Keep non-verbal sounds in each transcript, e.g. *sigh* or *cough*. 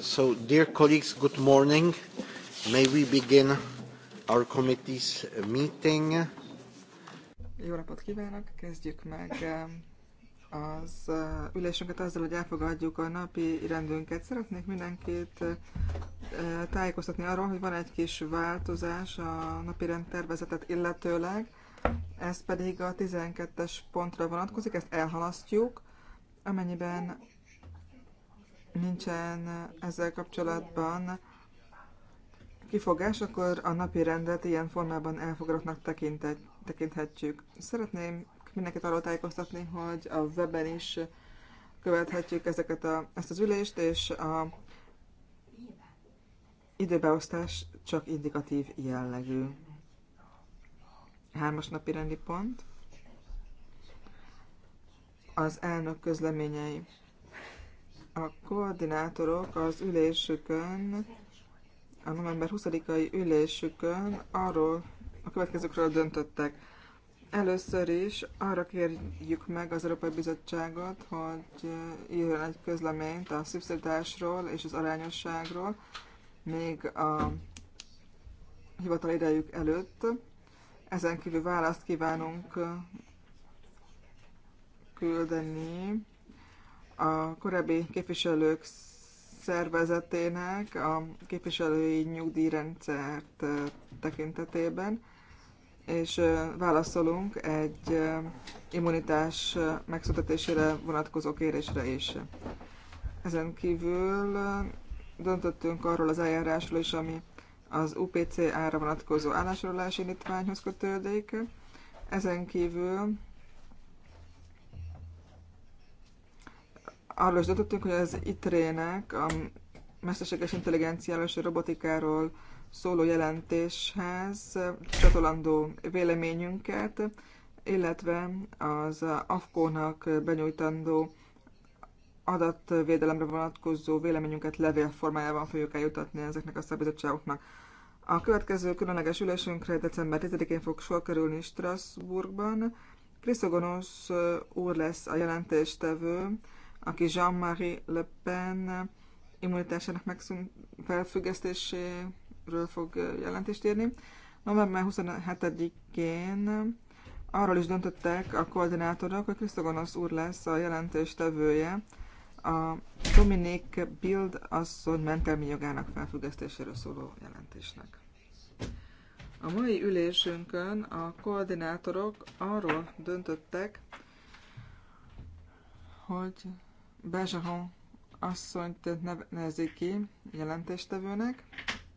So, dear colleagues, good morning. May we begin our committee's meeting? Jó napot kívánok! Kezdjük meg um, az uh, ülésünket azzal, hogy elfogadjuk a napi rendünket. Szeretnék mindenkit uh, tájékoztatni arról, hogy van egy kis változás a napi rendtervezetet illetőleg. Ez pedig a 12-es pontra vonatkozik, ezt elhalasztjuk, amennyiben nincsen ezzel kapcsolatban kifogás, akkor a napi rendet ilyen formában elfogadottnak tekinthetjük. Szeretném mindenkit arról tájékoztatni, hogy a webben is követhetjük ezeket a, ezt az ülést, és a időbeosztás csak indikatív jellegű. Hármas napi rendi pont. Az elnök közleményei. A koordinátorok az ülésükön, a november 20-ai ülésükön arról a következőkről döntöttek. Először is arra kérjük meg az Európai Bizottságot, hogy uh, írjon egy közleményt a szubszidásról és az arányosságról, még a hivatal idejük előtt. Ezen kívül választ kívánunk uh, küldeni a korábbi képviselők szervezetének a képviselői nyugdíjrendszert tekintetében, és válaszolunk egy immunitás megszületésére vonatkozó kérésre is. Ezen kívül döntöttünk arról az eljárásról is, ami az UPC ára vonatkozó állásrólási indítványhoz kötődik. Ezen kívül arról is döntöttünk, hogy az ITRE-nek a mesterséges intelligenciáról és robotikáról szóló jelentéshez csatolandó véleményünket, illetve az AFKO-nak benyújtandó adatvédelemre vonatkozó véleményünket levél formájában fogjuk eljutatni ezeknek a szabizottságoknak. A következő különleges ülésünkre december 10-én fog sor kerülni Strasbourgban. Kriszogonosz úr lesz a jelentéstevő aki Jean-Marie Le Pen immunitásának megszűnt felfüggesztéséről fog jelentést írni. November 27-én arról is döntöttek a koordinátorok, hogy Krisztogonosz úr lesz a jelentéstevője a Dominik Bild asszony mentelmi jogának felfüggesztéséről szóló jelentésnek. A mai ülésünkön a koordinátorok arról döntöttek, hogy Bezsahon asszonyt nevezik ki jelentéstevőnek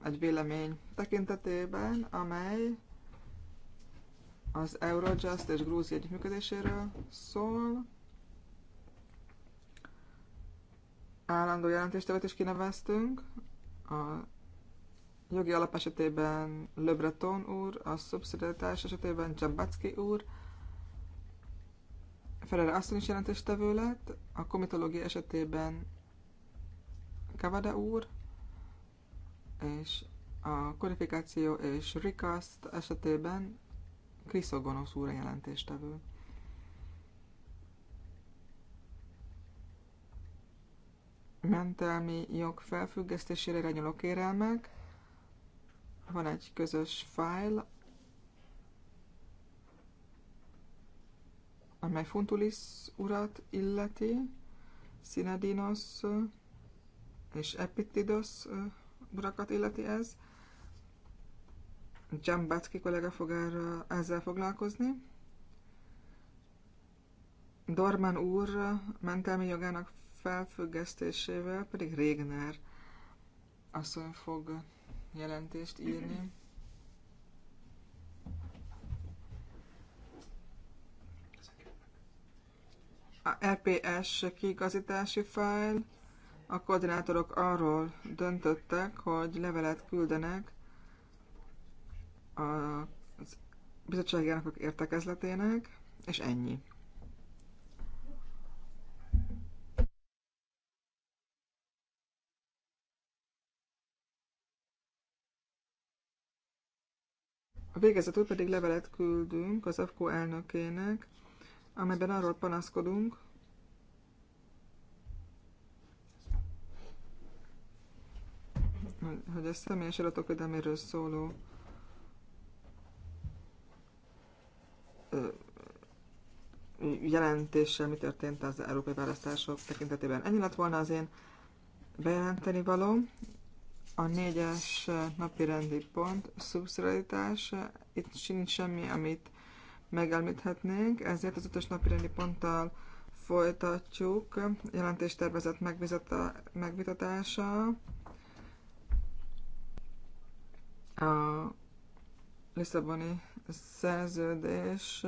egy vélemény tekintetében, amely az Eurojust és Grúzia együttműködéséről szól. Állandó jelentéstevőt is kineveztünk. A jogi alap esetében Le Breton úr, a szubszidiaritás esetében Csabacki úr, Ferere asszony is jelentéstevő lett, a komitológia esetében Kavada úr, és a kodifikáció és Rikaszt esetében Kriszogonosz úr a jelentéstevő. Mentelmi jog felfüggesztésére irányuló kérelmek. Van egy közös fájl, amely Funtulis urat illeti, Sinadinos és Epitidos urakat illeti ez. Dzsambacki kollega fog erre, ezzel foglalkozni. Dorman úr mentelmi jogának felfüggesztésével pedig Régner asszony fog jelentést írni. a RPS e kiigazítási fájl, a koordinátorok arról döntöttek, hogy levelet küldenek a bizottságának értekezletének, és ennyi. A végezetül pedig levelet küldünk az AFKO elnökének, amelyben arról panaszkodunk, hogy a személyes adatok védelméről szóló jelentéssel mi történt az európai választások tekintetében. Ennyi lett volna az én bejelenteni való. A négyes napi rendi pont, szubszidiaritás, itt sincs semmi, amit megelmíthetnénk, ezért az ötös napi rendi ponttal folytatjuk jelentéstervezet megvitatása. A Lisszaboni szerződés,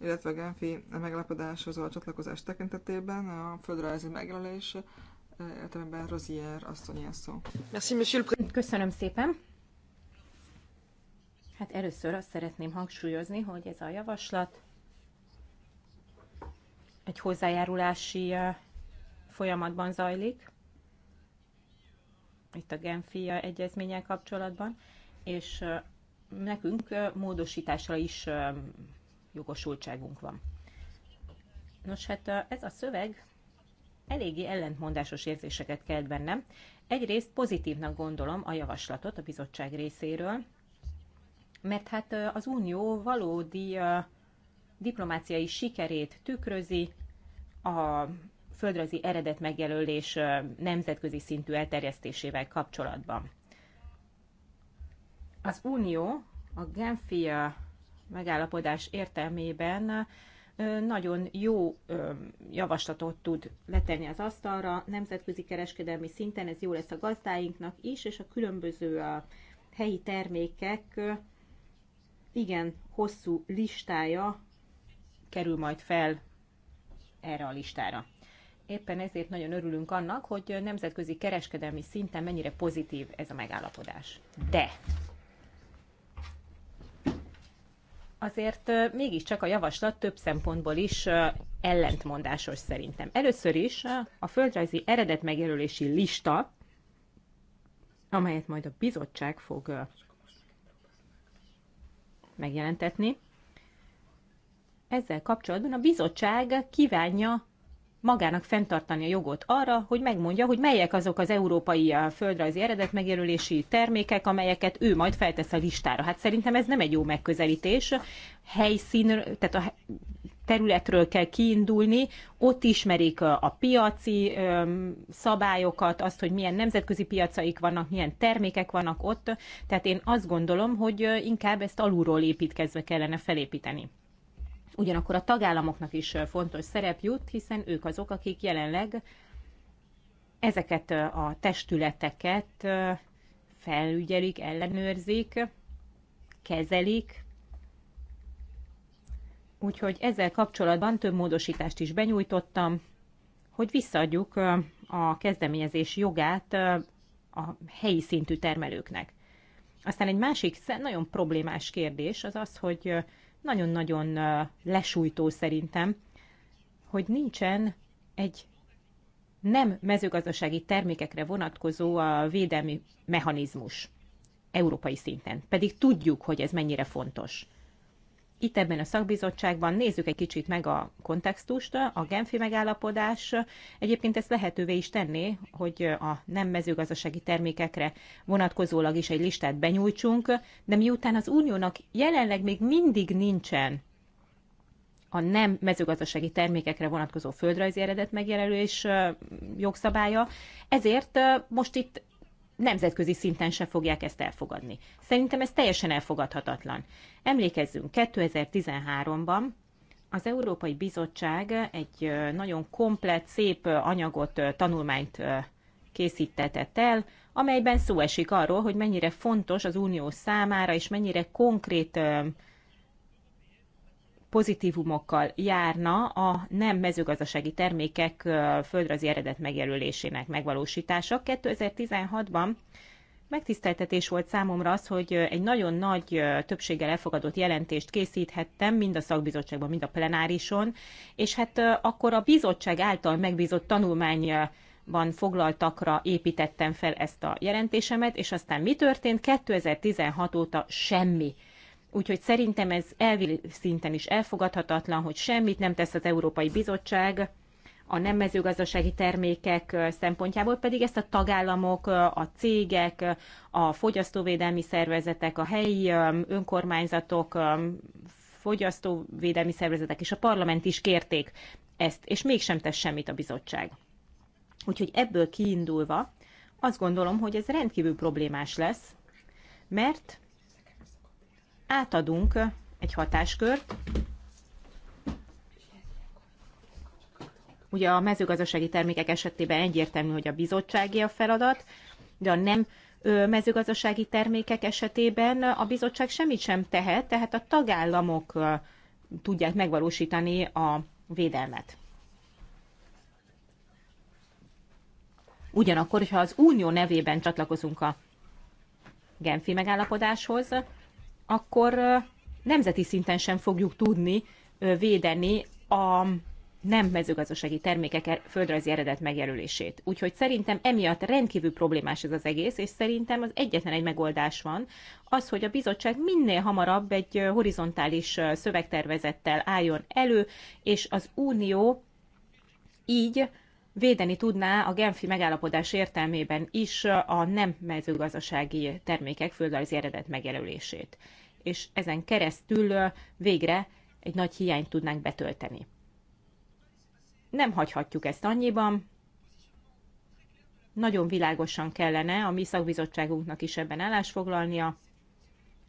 illetve a Genfi megállapodáshoz a csatlakozás tekintetében a földrajzi megjelölés eh, értelemben Rozier asszony Köszönöm szépen! Hát először azt szeretném hangsúlyozni, hogy ez a javaslat egy hozzájárulási folyamatban zajlik, itt a Genfi egyezménnyel kapcsolatban, és nekünk módosításra is jogosultságunk van. Nos, hát ez a szöveg eléggé ellentmondásos érzéseket kelt bennem. Egyrészt pozitívnak gondolom a javaslatot a bizottság részéről, mert hát az unió valódi diplomáciai sikerét tükrözi, a földrajzi eredet megjelölés nemzetközi szintű elterjesztésével kapcsolatban. Az Unió a Genfi megállapodás értelmében nagyon jó javaslatot tud letenni az asztalra nemzetközi kereskedelmi szinten, ez jó lesz a gazdáinknak is, és a különböző helyi termékek igen hosszú listája kerül majd fel erre a listára. Éppen ezért nagyon örülünk annak, hogy nemzetközi kereskedelmi szinten mennyire pozitív ez a megállapodás. De azért mégiscsak a javaslat több szempontból is ellentmondásos szerintem. Először is a földrajzi eredet megjelölési lista, amelyet majd a bizottság fog megjelentetni. Ezzel kapcsolatban a bizottság kívánja magának fenntartani a jogot arra, hogy megmondja, hogy melyek azok az európai eh, földrajzi megjelölési termékek, amelyeket ő majd feltesz a listára. Hát szerintem ez nem egy jó megközelítés. Helyszín, tehát a területről kell kiindulni, ott ismerik a piaci szabályokat, azt, hogy milyen nemzetközi piacaik vannak, milyen termékek vannak ott. Tehát én azt gondolom, hogy inkább ezt alulról építkezve kellene felépíteni. Ugyanakkor a tagállamoknak is fontos szerep jut, hiszen ők azok, akik jelenleg ezeket a testületeket felügyelik, ellenőrzik, kezelik, Úgyhogy ezzel kapcsolatban több módosítást is benyújtottam, hogy visszaadjuk a kezdeményezés jogát a helyi szintű termelőknek. Aztán egy másik nagyon problémás kérdés az az, hogy nagyon-nagyon lesújtó szerintem, hogy nincsen egy nem mezőgazdasági termékekre vonatkozó a védelmi mechanizmus európai szinten. Pedig tudjuk, hogy ez mennyire fontos itt ebben a szakbizottságban nézzük egy kicsit meg a kontextust, a Genfi megállapodás egyébként ezt lehetővé is tenné, hogy a nem mezőgazdasági termékekre vonatkozólag is egy listát benyújtsunk, de miután az uniónak jelenleg még mindig nincsen a nem mezőgazdasági termékekre vonatkozó földrajzi eredet megjelölés jogszabálya, ezért most itt nemzetközi szinten se fogják ezt elfogadni. Szerintem ez teljesen elfogadhatatlan. Emlékezzünk, 2013-ban az Európai Bizottság egy nagyon komplet, szép anyagot, tanulmányt készítetett el, amelyben szó esik arról, hogy mennyire fontos az unió számára, és mennyire konkrét pozitívumokkal járna a nem mezőgazdasági termékek földrajzi eredet megjelölésének megvalósítása. 2016-ban megtiszteltetés volt számomra az, hogy egy nagyon nagy többséggel elfogadott jelentést készíthettem, mind a szakbizottságban, mind a plenárison, és hát akkor a bizottság által megbízott tanulmány van foglaltakra építettem fel ezt a jelentésemet, és aztán mi történt? 2016 óta semmi Úgyhogy szerintem ez elvi szinten is elfogadhatatlan, hogy semmit nem tesz az Európai Bizottság, a nem mezőgazdasági termékek szempontjából pedig ezt a tagállamok, a cégek, a fogyasztóvédelmi szervezetek, a helyi önkormányzatok, fogyasztóvédelmi szervezetek és a parlament is kérték ezt, és mégsem tesz semmit a bizottság. Úgyhogy ebből kiindulva azt gondolom, hogy ez rendkívül problémás lesz, mert átadunk egy hatáskört, Ugye a mezőgazdasági termékek esetében egyértelmű, hogy a bizottsági a feladat, de a nem mezőgazdasági termékek esetében a bizottság semmit sem tehet, tehát a tagállamok tudják megvalósítani a védelmet. Ugyanakkor, hogyha az unió nevében csatlakozunk a Genfi megállapodáshoz, akkor nemzeti szinten sem fogjuk tudni védeni a nem mezőgazdasági termékek e- földrajzi eredet megjelölését. Úgyhogy szerintem emiatt rendkívül problémás ez az egész, és szerintem az egyetlen egy megoldás van, az, hogy a bizottság minél hamarabb egy horizontális szövegtervezettel álljon elő, és az Unió így védeni tudná a Genfi megállapodás értelmében is a nem mezőgazdasági termékek földrajzi eredet megjelölését és ezen keresztül végre egy nagy hiányt tudnánk betölteni. Nem hagyhatjuk ezt annyiban, nagyon világosan kellene a mi szakbizottságunknak is ebben állásfoglalnia.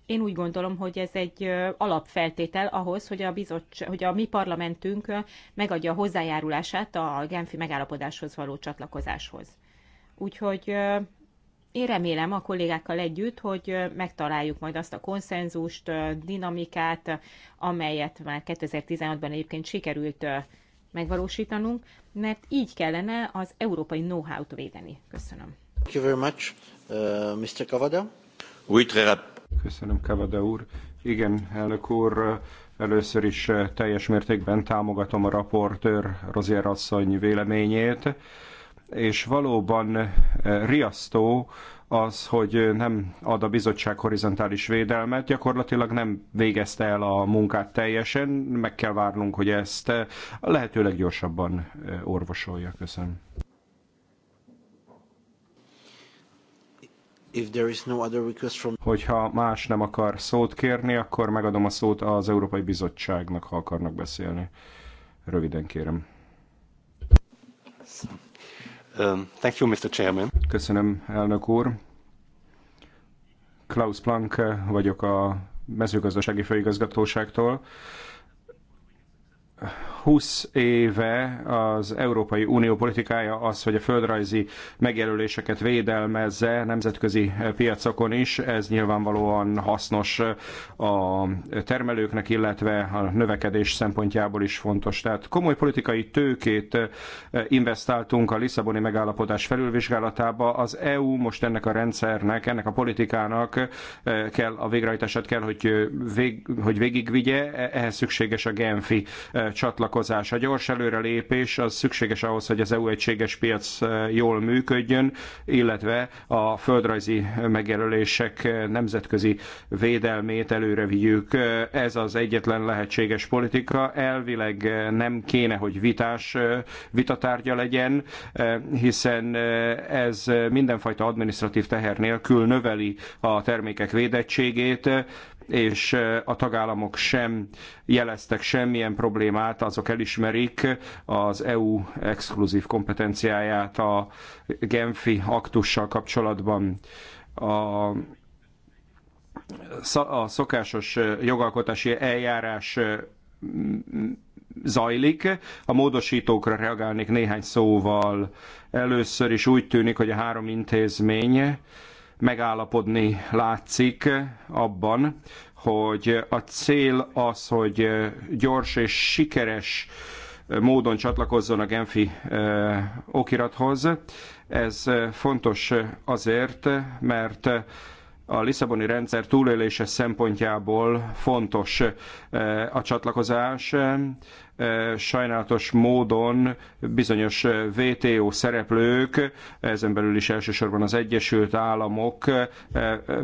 Én úgy gondolom, hogy ez egy alapfeltétel ahhoz, hogy a, bizottság, hogy a mi parlamentünk megadja a hozzájárulását a Genfi megállapodáshoz való csatlakozáshoz. Úgyhogy én remélem a kollégákkal együtt, hogy megtaláljuk majd azt a konszenzust, dinamikát, amelyet már 2016-ban egyébként sikerült megvalósítanunk, mert így kellene az európai know-how-t védeni. Köszönöm. Thank you very much, uh, Mr. Kavada. Oui, très rap. Köszönöm, Kavada úr. Igen, elnök úr, először is teljes mértékben támogatom a raportőr Rozier asszony véleményét és valóban eh, riasztó az, hogy nem ad a bizottság horizontális védelmet, gyakorlatilag nem végezte el a munkát teljesen, meg kell várnunk, hogy ezt eh, lehetőleg gyorsabban eh, orvosolja. Köszönöm. If there is no other request from... Hogyha más nem akar szót kérni, akkor megadom a szót az Európai Bizottságnak, ha akarnak beszélni. Röviden kérem. Um, thank you, Mr. Chairman. Köszönöm, elnök úr. Klaus Planck vagyok a mezőgazdasági főigazgatóságtól 20 éve az Európai Unió politikája az, hogy a földrajzi megjelöléseket védelmezze nemzetközi piacokon is. Ez nyilvánvalóan hasznos a termelőknek, illetve a növekedés szempontjából is fontos. Tehát komoly politikai tőkét investáltunk a Lisszaboni megállapodás felülvizsgálatába. Az EU most ennek a rendszernek, ennek a politikának kell a végrehajtását kell, hogy, vég, hogy végigvigye. Ehhez szükséges a Genfi csatlakozás foglalkozás. A gyors előrelépés az szükséges ahhoz, hogy az EU egységes piac e, jól működjön, illetve a földrajzi megjelölések nemzetközi védelmét előre vigyük. Ez az egyetlen lehetséges politika. Elvileg e, nem kéne, hogy vitás e, vitatárgya legyen, hiszen ez mindenfajta administratív teher nélkül növeli a termékek védettségét, és a tagállamok sem jeleztek semmilyen problémát, azok elismerik az EU exkluzív kompetenciáját a Genfi aktussal kapcsolatban. A a szokásos jogalkotási eljárás zajlik. A módosítókra reagálnék néhány szóval. Először is úgy tűnik, hogy a három intézmény megállapodni látszik abban, hogy a cél az, hogy gyors és sikeres módon csatlakozzon a Genfi eh, okirathoz. Ez fontos azért, mert a Lisszaboni rendszer túlélése szempontjából fontos eh, a csatlakozás sajnálatos módon bizonyos VTO szereplők, ezen belül is elsősorban az Egyesült Államok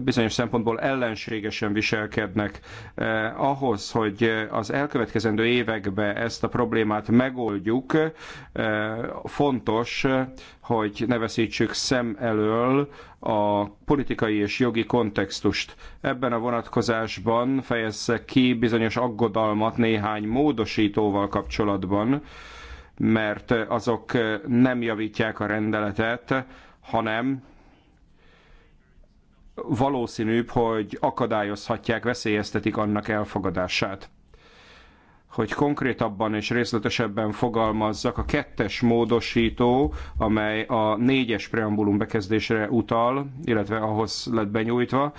bizonyos szempontból ellenségesen viselkednek. Ahhoz, hogy az elkövetkezendő években ezt a problémát megoldjuk, fontos, hogy ne veszítsük szem elől a politikai és jogi kontextust. Ebben a vonatkozásban fejezze ki bizonyos aggodalmat néhány módosítóval, javaslatával kapcsolatban, mert azok nem javítják a rendeletet, hanem valószínűbb, hogy akadályozhatják, veszélyeztetik annak elfogadását. Hogy konkrétabban és részletesebben fogalmazzak, a kettes módosító, amely a négyes preambulum bekezdésre utal, illetve ahhoz lett benyújtva,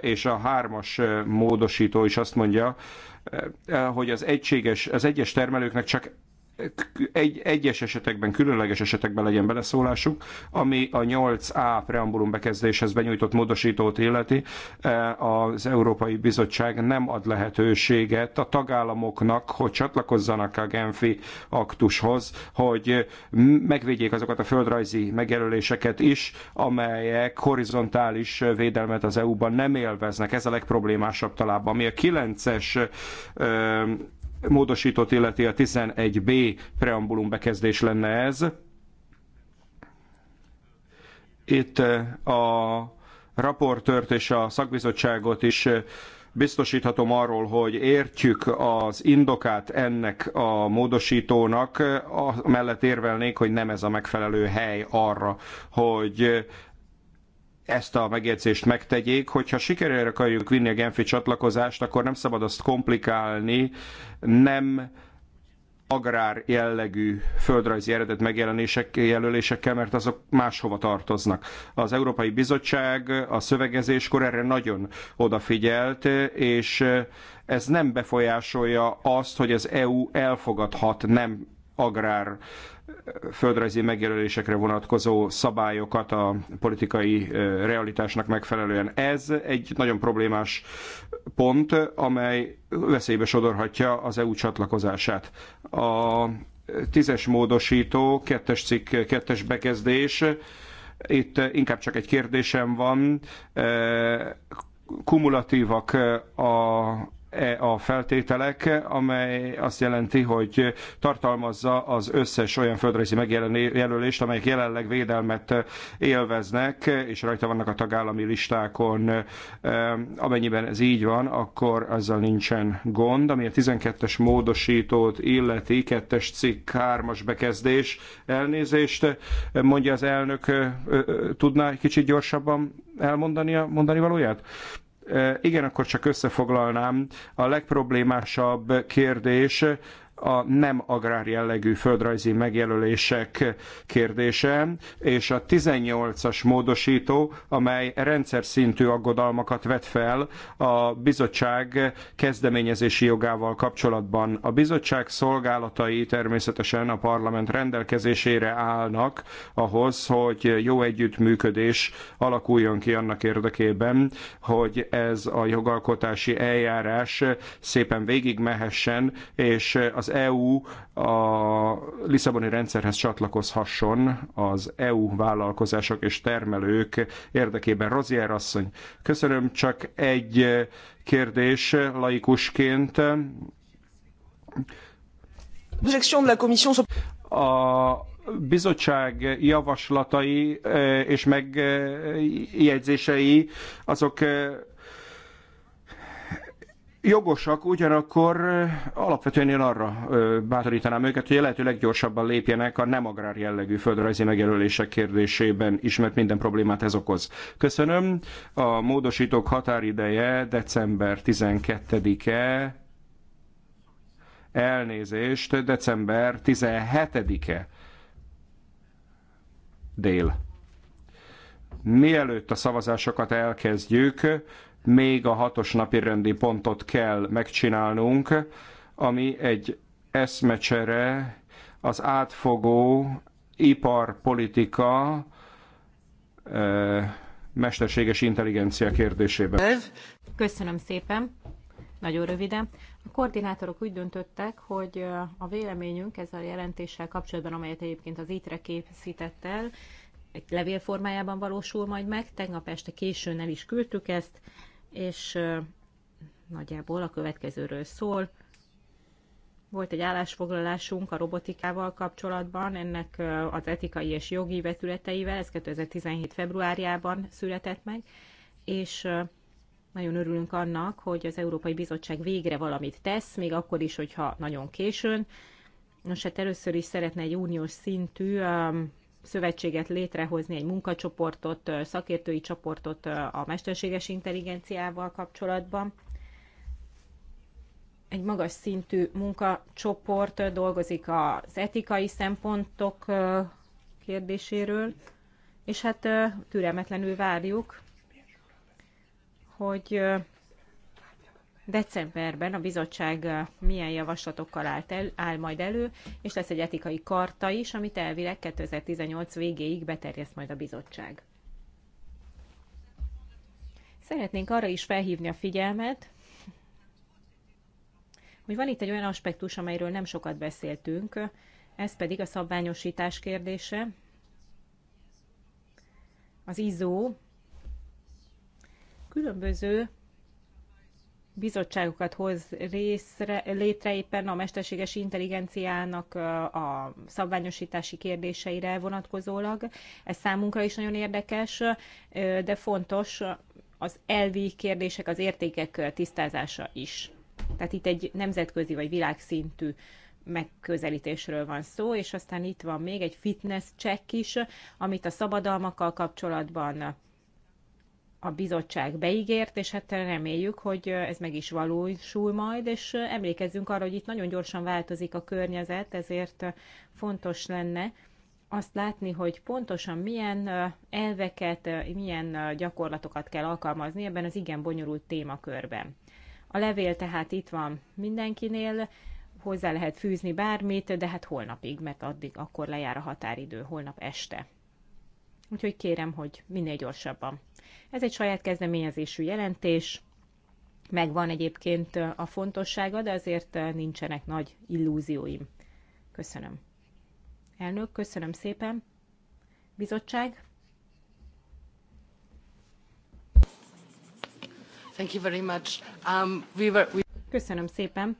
és a hármas módosító is azt mondja, Eh, hogy az egységes, az egyes termelőknek csak egy, egyes esetekben, különleges esetekben legyen beleszólásuk, ami a 8A preambulum bekezdéshez benyújtott módosítót illeti, e, az Európai Bizottság nem ad lehetőséget a tagállamoknak, hogy csatlakozzanak a Genfi aktushoz, hogy megvédjék azokat a földrajzi megjelöléseket is, amelyek horizontális védelmet az EU-ban nem élveznek. Ez a legproblémásabb talában, ami a 9-es módosított illeti a 11b preambulum bekezdés lenne ez. Itt eh, a raportört és a szakbizottságot is eh, biztosíthatom arról, hogy értjük az indokát ennek a módosítónak, eh, mellett érvelnék, hogy nem ez a megfelelő hely arra, hogy ezt a megjegyzést megtegyék, hogyha sikerre akarjuk vinni a Genfi csatlakozást, akkor nem szabad azt komplikálni, nem agrár jellegű földrajzi eredet megjelenések, jelölésekkel, mert azok máshova tartoznak. Az Európai Bizottság a szövegezéskor erre nagyon odafigyelt, és ez nem befolyásolja azt, hogy az EU elfogadhat nem agrár földrajzi megjelölésekre vonatkozó szabályokat a politikai realitásnak megfelelően. Ez egy nagyon problémás pont, amely veszélybe sodorhatja az EU csatlakozását. A tízes módosító, kettes cikk, kettes bekezdés, itt inkább csak egy kérdésem van, kumulatívak a E a feltételek, amely azt jelenti, hogy tartalmazza az összes olyan földrajzi megjelölést, amelyek jelenleg védelmet élveznek, és rajta vannak a tagállami listákon. E, amennyiben ez így van, akkor azzal nincsen gond. Ami a 12-es módosítót illeti, 2-es cikk, 3-as bekezdés, elnézést, mondja az elnök, tudná egy kicsit gyorsabban elmondani a mondani valóját? Igen, akkor csak összefoglalnám. A legproblémásabb kérdés a nem agrár jellegű földrajzi megjelölések kérdése, és a 18-as módosító, amely rendszer szintű aggodalmakat vet fel a bizottság kezdeményezési jogával kapcsolatban. A bizottság szolgálatai természetesen a parlament rendelkezésére állnak ahhoz, hogy jó együttműködés alakuljon ki annak érdekében, hogy ez a jogalkotási eljárás szépen végigmehessen, és az az EU a Lisszaboni rendszerhez csatlakozhasson az EU vállalkozások és termelők érdekében. Rozier asszony, köszönöm, csak egy kérdés laikusként. A bizottság javaslatai eh, és megjegyzései azok eh, jogosak, ugyanakkor alapvetően én arra bátorítanám őket, hogy a lehető leggyorsabban lépjenek a nem agrár jellegű földrajzi megjelölések kérdésében is, mert minden problémát ez okoz. Köszönöm. A módosítók határideje december 12-e, elnézést, december 17-e dél. Mielőtt a szavazásokat elkezdjük, még a hatos napi rendi pontot kell megcsinálnunk, ami egy eszmecsere az átfogó iparpolitika mesterséges intelligencia kérdésében. Köszönöm szépen, nagyon röviden. A koordinátorok úgy döntöttek, hogy a véleményünk ezzel a jelentéssel kapcsolatban, amelyet egyébként az ITRE készített el, egy levél formájában valósul majd meg. Tegnap este későn el is küldtük ezt és nagyjából a következőről szól. Volt egy állásfoglalásunk a robotikával kapcsolatban, ennek az etikai és jogi vetületeivel, ez 2017. februárjában született meg, és nagyon örülünk annak, hogy az Európai Bizottság végre valamit tesz, még akkor is, hogyha nagyon későn. Nos, hát először is szeretne egy uniós szintű szövetséget létrehozni, egy munkacsoportot, szakértői csoportot a mesterséges intelligenciával kapcsolatban. Egy magas szintű munkacsoport dolgozik az etikai szempontok kérdéséről, és hát türelmetlenül várjuk, hogy decemberben a bizottság milyen javaslatokkal állt el, áll majd elő, és lesz egy etikai karta is, amit elvileg 2018 végéig beterjeszt majd a bizottság. Szeretnénk arra is felhívni a figyelmet, hogy van itt egy olyan aspektus, amelyről nem sokat beszéltünk, ez pedig a szabványosítás kérdése. Az ISO különböző bizottságokat hoz részre, létre éppen a mesterséges intelligenciának a szabványosítási kérdéseire vonatkozólag. Ez számunkra is nagyon érdekes, de fontos az elvi kérdések, az értékek tisztázása is. Tehát itt egy nemzetközi vagy világszintű megközelítésről van szó, és aztán itt van még egy fitness check is, amit a szabadalmakkal kapcsolatban a bizottság beígért, és hát reméljük, hogy ez meg is valósul majd, és emlékezzünk arra, hogy itt nagyon gyorsan változik a környezet, ezért fontos lenne azt látni, hogy pontosan milyen elveket, milyen gyakorlatokat kell alkalmazni ebben az igen bonyolult témakörben. A levél tehát itt van mindenkinél, hozzá lehet fűzni bármit, de hát holnapig, mert addig akkor lejár a határidő, holnap este. Úgyhogy kérem, hogy minél gyorsabban. Ez egy saját kezdeményezésű jelentés, megvan egyébként a fontossága, de azért nincsenek nagy illúzióim. Köszönöm. Elnök, köszönöm szépen. Bizottság? Thank you very much. Um, we were, we... Köszönöm szépen.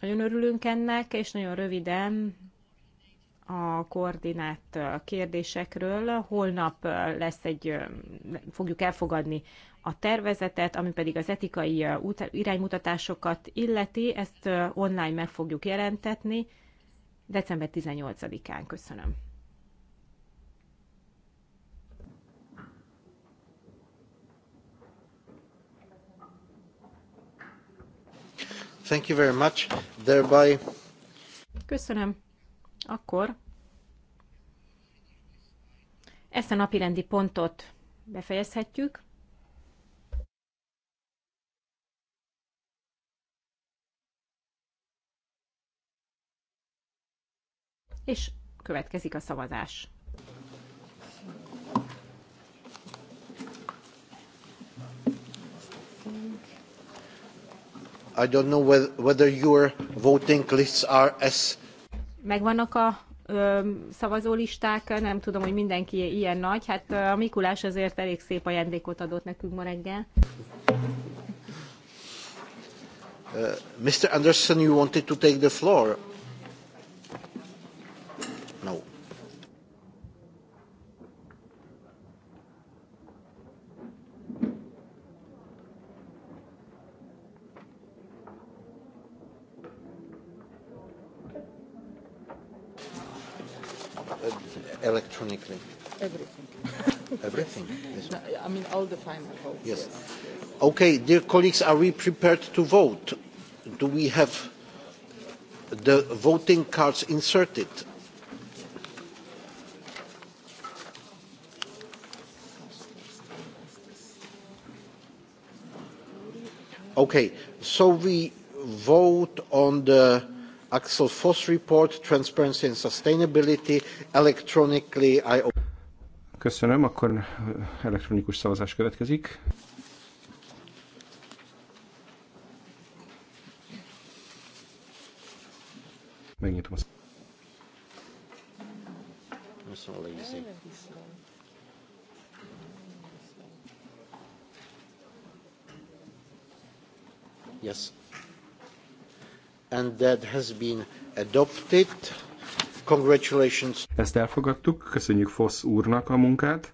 Nagyon örülünk ennek, és nagyon röviden a koordinát kérdésekről. Holnap lesz egy, fogjuk elfogadni a tervezetet, ami pedig az etikai iránymutatásokat illeti, ezt online meg fogjuk jelentetni december 18-án. Köszönöm. Thank you very much. Thereby... Köszönöm. Akkor ezt a napirendi pontot befejezhetjük. És következik a szavazás. I don't know whether your voting lists are as megvannak a ö, szavazólisták, nem tudom, hogy mindenki ilyen nagy. Hát a Mikulás azért elég szép ajándékot adott nekünk ma reggel. Uh, Mr. Anderson, you wanted to take the floor. electronically? Everything. Everything? Yes. *laughs* No, I mean, all the final votes. Yes. yes. Okay, dear colleagues, are we prepared to vote? Do we have the voting cards inserted? Okay, so we vote on the Axel voss Report, Transparency and Sustainability, electronically I... Köszönöm, akkor uh, elektronikus szavazás következik. Megnyitom a Yes and that has been adopted. Congratulations. Ezt elfogadtuk, köszönjük Fosz úrnak a munkát.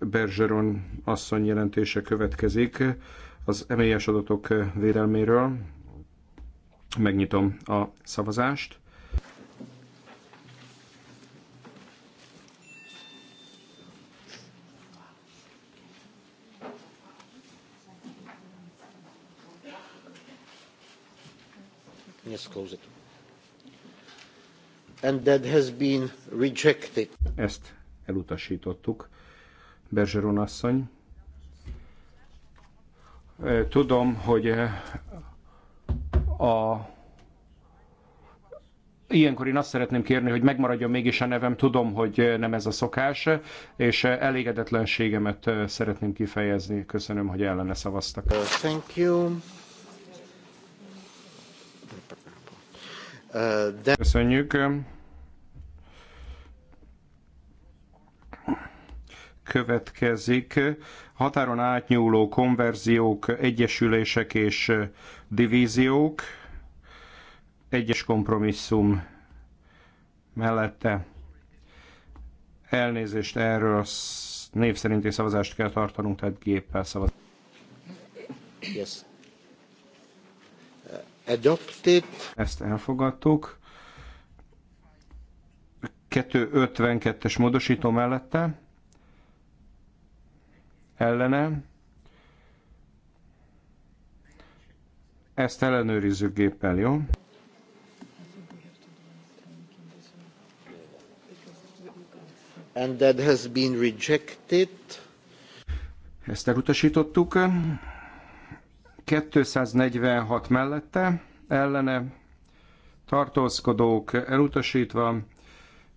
Bergeron asszony jelentése következik az emélyes adatok védelméről. Megnyitom a szavazást. and that has been rejected. Ezt elutasítottuk. Bergeron asszony. Tudom, hogy a Ilyenkor én azt szeretném kérni, hogy megmaradjon mégis a nevem, tudom, hogy nem ez a szokás, és elégedetlenségemet szeretném kifejezni. Köszönöm, hogy ellene szavaztak. Uh, thank you. Uh, Köszönjük. következik. Határon átnyúló konverziók, egyesülések és divíziók. Egyes kompromisszum mellette elnézést erről a név szerinti szavazást kell tartanunk, tehát géppel szavaz. Yes. Uh, adopted. Ezt elfogadtuk. 252-es módosító mellette ellene. Ezt ellenőrizzük géppel, jó? And that has been rejected. Ezt elutasítottuk. 246 mellette, ellene tartózkodók elutasítva,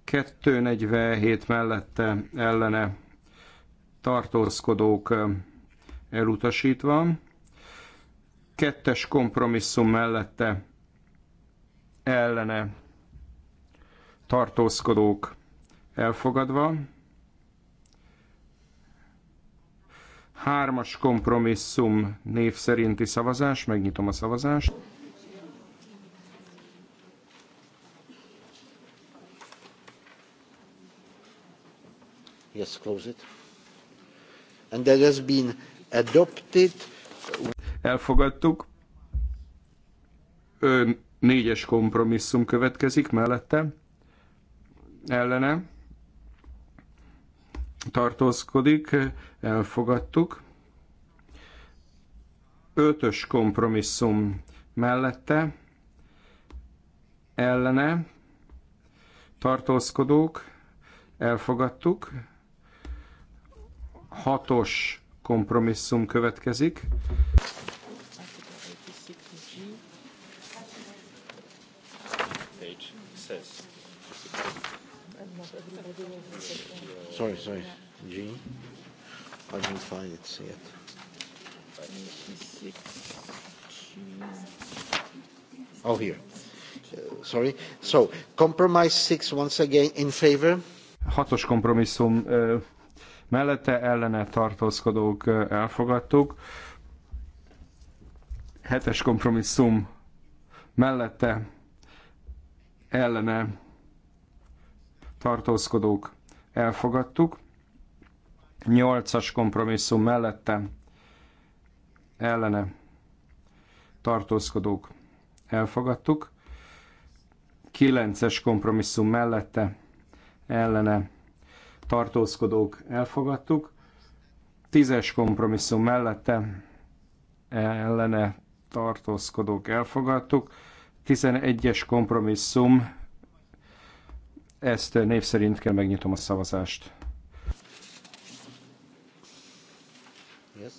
247 mellette, ellene tartózkodók elutasítva, kettes kompromisszum mellette ellene tartózkodók elfogadva, hármas kompromisszum név szerinti szavazás, megnyitom a szavazást. Yes, close it and that has been adopted. Elfogadtuk. négyes kompromisszum következik mellette. Ellene. Tartózkodik. Elfogadtuk. Ötös kompromisszum mellette. Ellene. Tartózkodók. Elfogadtuk hatos kompromisszum következik. Sorry, sorry, G. I didn't find it yet. Oh, here. Uh, sorry. So, compromise six once again in favor. Hatos kompromisszum uh, mellette ellene tartózkodók elfogadtuk. Hetes kompromisszum mellette ellene tartózkodók elfogadtuk. Nyolcas kompromisszum mellette ellene tartózkodók elfogadtuk. Kilences kompromisszum mellette ellene tartózkodók elfogadtuk. Tízes kompromisszum mellette ellene tartózkodók elfogadtuk. 11-es kompromisszum, ezt név szerint kell megnyitom a szavazást. Yes.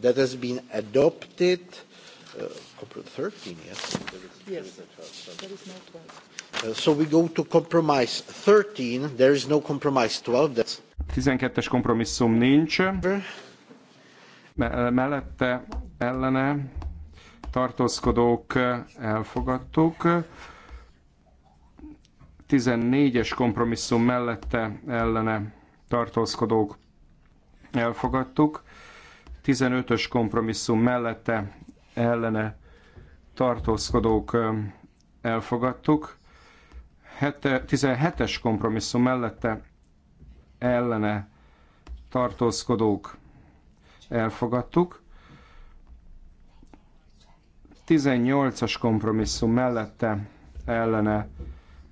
That has been adopted uh, 13, yes? There is, yes. There is, no 12. Uh, so we go to compromise 13. There is no compromise 12. That's 12-es kompromisszum nincs. Eh, mellette, ellene tartózkodók eh, elfogadtuk. 14-es kompromisszum mellette, ellene tartózkodók elfogadtuk. 15-ös kompromisszum mellette ellene tartózkodók elfogadtuk. 17-es kompromisszum mellette ellene tartózkodók elfogadtuk. 18-as kompromisszum mellette ellene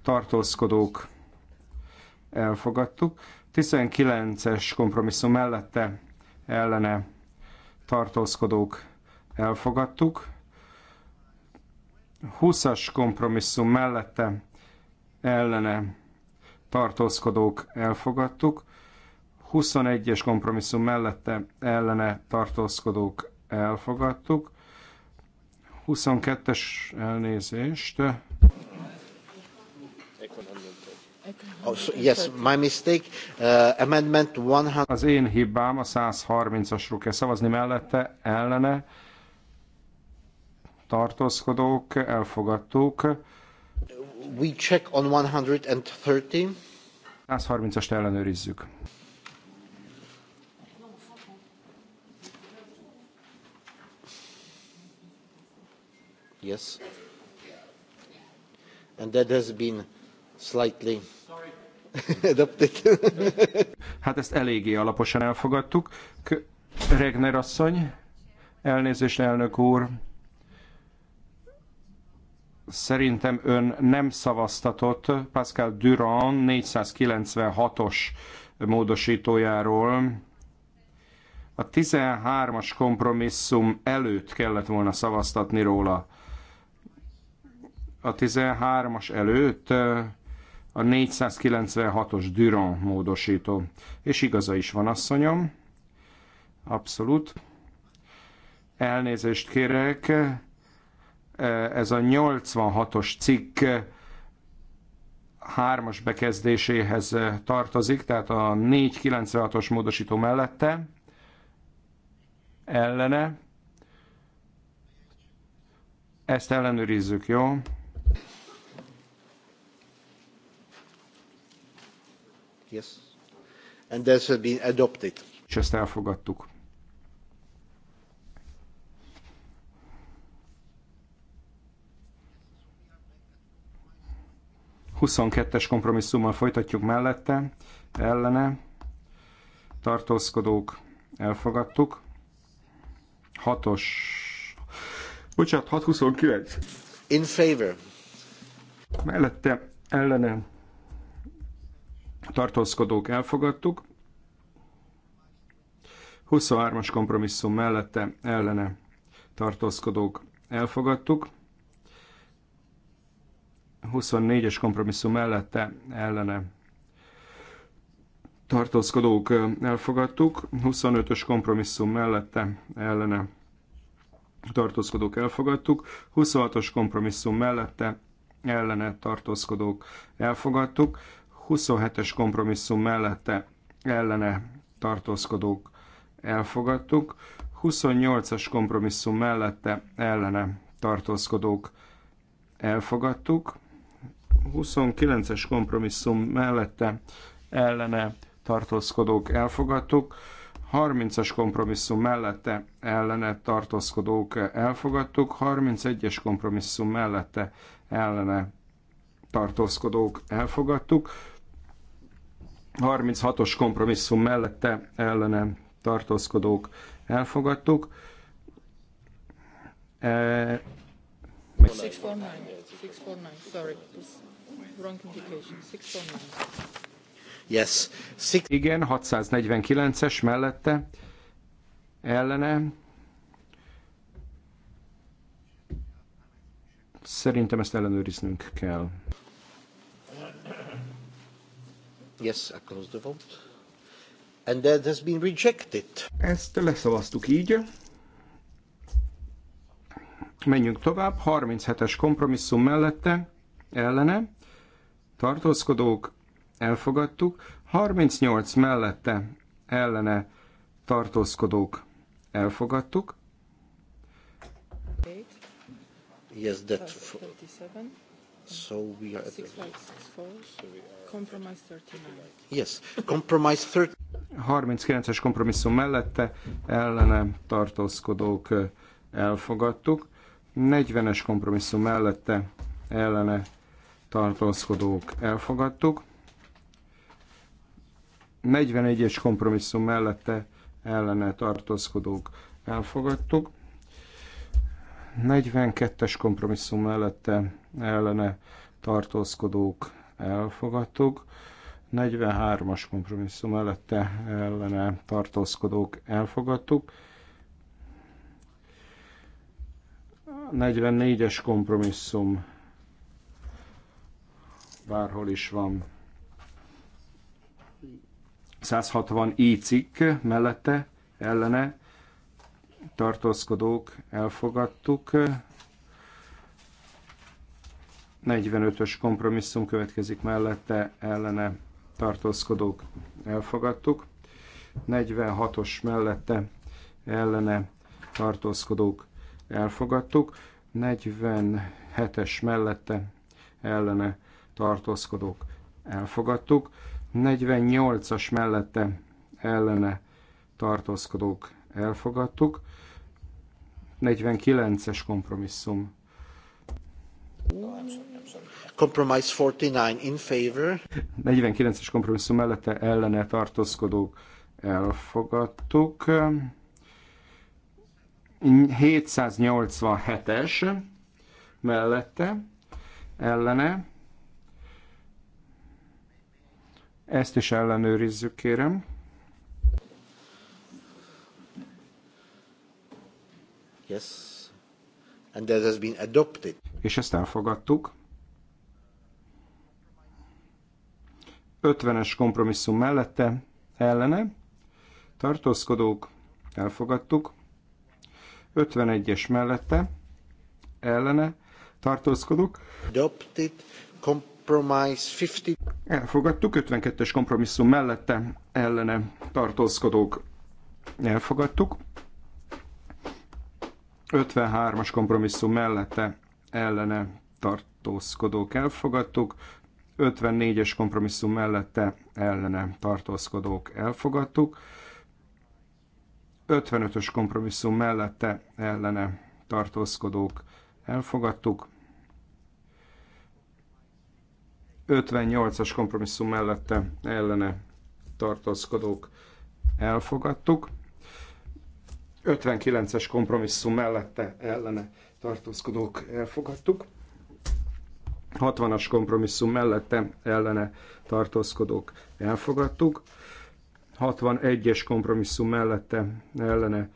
tartózkodók elfogadtuk. 19-es kompromisszum mellette ellene tartózkodók elfogadtuk. 20-as kompromisszum mellette ellene tartózkodók elfogadtuk. 21-es kompromisszum mellette ellene tartózkodók elfogadtuk. 22-es elnézést. Oh, yes, my mistake. Uh, amendment 100. Az én hibám a 130-asról kell szavazni mellette, ellene tartózkodók, elfogadtuk. We check on 130. 130-ast ellenőrizzük. Yes. And that has been slightly *laughs* adopted. hát ezt eléggé alaposan elfogadtuk. Regner asszony, elnézést elnök úr, Szerintem ön nem szavaztatott Pascal Durand 496-os módosítójáról. A 13-as kompromisszum előtt kellett volna szavaztatni róla. A 13-as előtt a 496-os Durand módosító. És igaza is van, asszonyom. Abszolút. Elnézést kérek ez a 86-os cikk hármas bekezdéséhez tartozik, tehát a 496-os módosító mellette, ellene. Ezt ellenőrizzük, jó? Yes. And this has been adopted. És ezt elfogadtuk. 22-es kompromisszummal folytatjuk mellette, ellene, tartózkodók, elfogadtuk. 6-os, bocsánat, 629. In favor. Mellette, ellene, tartózkodók, elfogadtuk. 23-as kompromisszum mellette, ellene, tartózkodók, elfogadtuk. 24-es kompromisszum mellette ellene tartózkodók elfogadtuk, 25-ös kompromisszum mellette ellene tartózkodók elfogadtuk, 26-os kompromisszum mellette ellene tartózkodók elfogadtuk, 27-es kompromisszum mellette ellene tartózkodók elfogadtuk, 28-as kompromisszum mellette ellene tartózkodók elfogadtuk, 29-es kompromisszum mellette ellene tartózkodók elfogadtuk, 30-as kompromisszum mellette ellene tartózkodók elfogadtuk, 31-es kompromisszum mellette ellene tartózkodók elfogadtuk, 36-os kompromisszum mellette ellene tartózkodók elfogadtuk. E... 649, 649, sorry. Yes. Six... Igen, 649-es mellette, ellene. Szerintem ezt ellenőriznünk kell. Yes, I close the vote. And that has been rejected. Ezt leszavaztuk így. Menjünk tovább, 37-es kompromisszum mellette, ellene tartózkodók, elfogadtuk, 38 mellette ellene tartózkodók, elfogadtuk. Yes, that so we are at compromise 39. Yes, compromise 30. 39-es kompromisszum mellette ellene tartózkodók elfogadtuk, 40-es kompromisszum mellette ellene tartózkodók elfogadtuk. 41-es kompromisszum mellette ellene tartózkodók elfogadtuk. 42-es kompromisszum mellette ellene tartózkodók elfogadtuk. 43-as kompromisszum mellette ellene tartózkodók elfogadtuk. 44-es kompromisszum bárhol is van. 160 i cikk mellette, ellene, tartózkodók, elfogadtuk. 45-ös kompromisszum következik mellette, ellene, tartózkodók, elfogadtuk. 46-os mellette, ellene, tartózkodók, elfogadtuk. 47-es mellette, ellene, tartózkodók elfogadtuk, 48-as mellette ellene tartózkodók elfogadtuk, 49-es kompromisszum. Compromise 49 in favor. 49-es kompromisszum mellette ellene tartózkodók elfogadtuk. 787-es mellette ellene Ezt is ellenőrizzük, kérem. Yes. And that has been adopted. És ezt elfogadtuk. 50-es kompromisszum mellette ellene tartózkodók elfogadtuk. 51-es mellette ellene tartózkodók. Adopted. Com- Elfogadtuk, 52-es kompromisszum mellette ellene tartózkodók elfogadtuk. 53-as kompromisszum mellette ellene tartózkodók elfogadtuk. 54-es kompromisszum mellette ellene tartózkodók elfogadtuk. 55-ös kompromisszum mellette ellene tartózkodók elfogadtuk. 58-as kompromisszum mellette ellene tartózkodók elfogadtuk. 59-es kompromisszum mellette ellene tartózkodók elfogadtuk. 60-as kompromisszum mellette ellene tartózkodók elfogadtuk. 61-es kompromisszum mellette ellene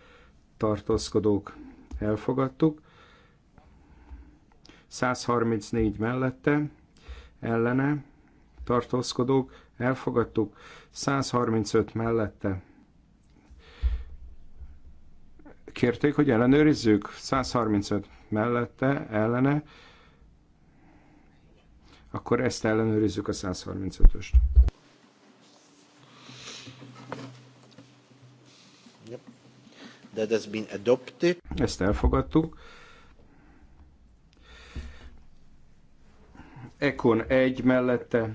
tartózkodók elfogadtuk. 134 mellette ellene tartózkodók elfogadtuk, 135 mellette kérték, hogy ellenőrizzük, 135 mellette ellene, akkor ezt ellenőrizzük a 135-öst. That has been adopted. Ezt elfogadtuk. Ekon 1 mellette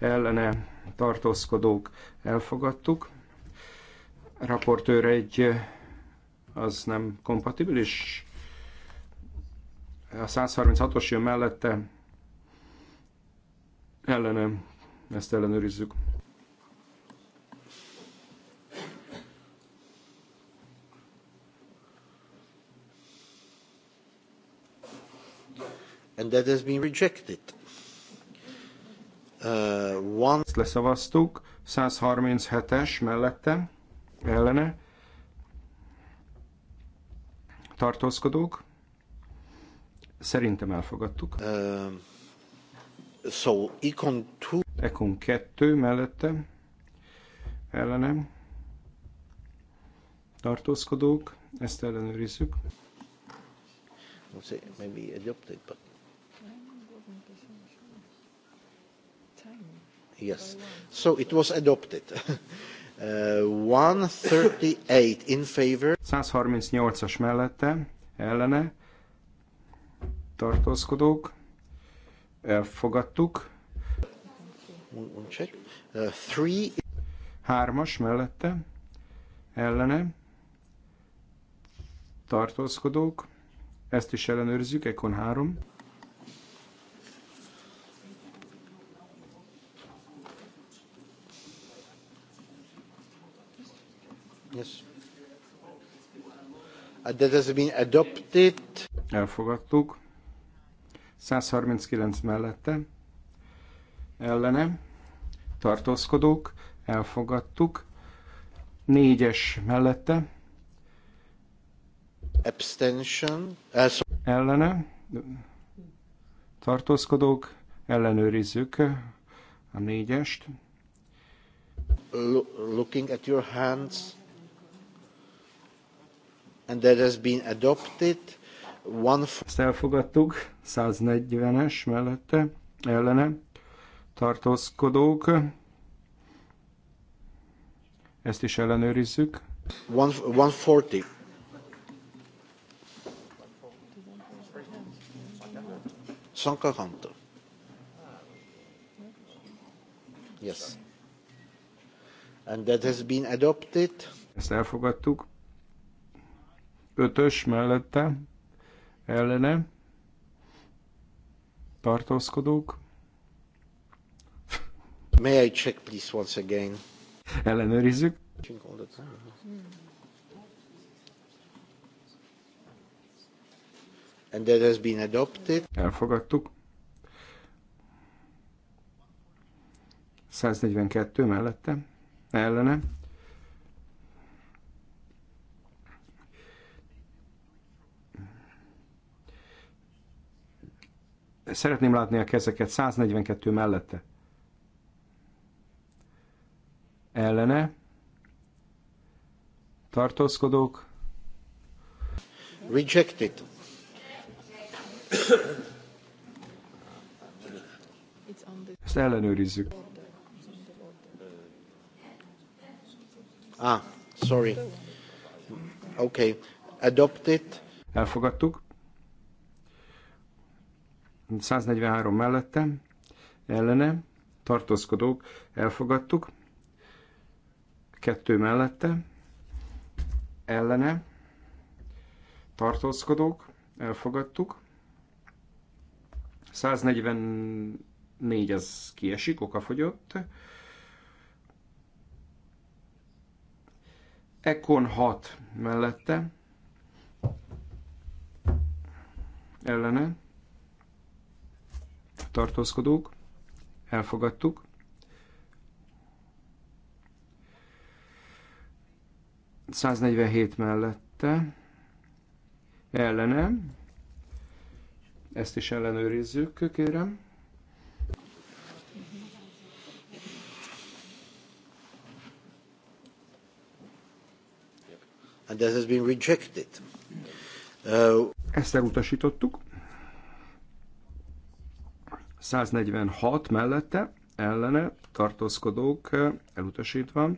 ellene tartózkodók elfogadtuk. Raportőr 1 az nem kompatibilis. A 136-os jön mellette ellene, ezt ellenőrizzük. and that has been rejected. Uh, one... Ezt leszavaztuk, 137-es mellette, ellene, tartózkodók, szerintem elfogadtuk. Uh, so, Econ 2... Econ 2 mellette, ellene, tartózkodók, ezt ellenőrizzük. Maybe adopted, but Yes. So it was adopted. *laughs* Uh, 138 in favor. 138-as mellette, ellene, tartózkodók, elfogadtuk. One check. Uh, three. Hármas mellette, ellene, tartózkodók, ezt is ellenőrzzük, Ekon 3. Yes. That has been adopted. Elfogadtuk. 139 mellette. Ellene. Tartózkodók. Elfogadtuk. Négyes mellette. Abstention. Also... Eh, Ellene. Tartózkodók. Ellenőrizzük a négyest. Looking at your hands and that has been adopted one Ezt elfogadtuk, 140-es mellette, ellene, tartózkodók, ezt is ellenőrizzük. 140. Yes. And that has been adopted. Ezt elfogadtuk. Ötös mellette ellene tartózkodók. May I check please once again? Ellenőrizzük. And that has been adopted. Elfogadtuk. 142 mellette, ellene Szeretném látni a kezeket 142 mellette. Ellene. Tartózkodók. Rejected. Ezt ellenőrizzük. Ah, sorry. Okay. Adopted. Elfogadtuk. 143 mellette, ellene, tartózkodók, elfogadtuk. 2 mellette, ellene, tartózkodók, elfogadtuk. 144 az kiesik, okafogyott. Ekon 6 mellette, ellene, tartózkodók, elfogadtuk. ...147 mellette, ellene, ezt is ellenőrizzük, kérem. And that has been rejected. Uh... Ezt elutasítottuk. 146 eh, mellette ellene tartózkodók elutasítva,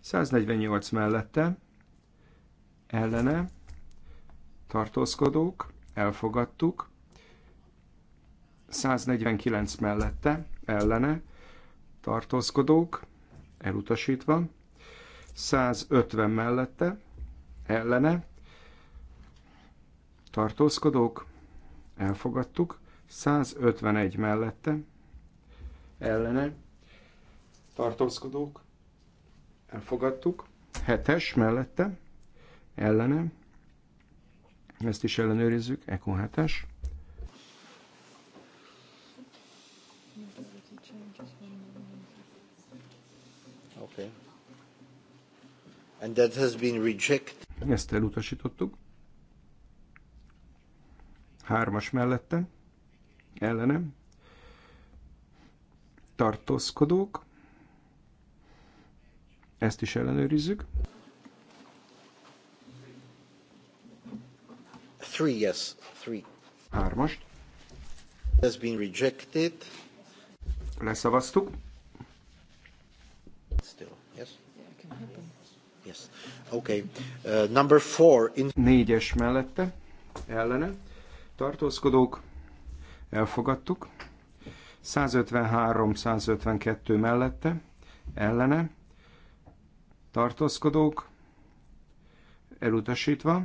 148 mellette ellene tartózkodók elfogadtuk, 149 mellette ellene tartózkodók elutasítva, 150 mellette ellene tartózkodók elfogadtuk, 151 mellette, ellene, tartózkodók, elfogadtuk, 7-es mellette, ellene, ezt is ellenőrizzük, ECO 7-es. Okay. And that has been rejected. Ezt elutasítottuk. Hármas mellette ellenem, tartózkodók, ezt is ellenőrizzük. Three, yes, three. Hármast. Has been rejected. Leszavaztuk. Still, yes. Yes. Okay. Uh, number four. In... Négyes mellette, ellene, tartózkodók, elfogadtuk. 153-152 mellette, ellene, tartózkodók, elutasítva.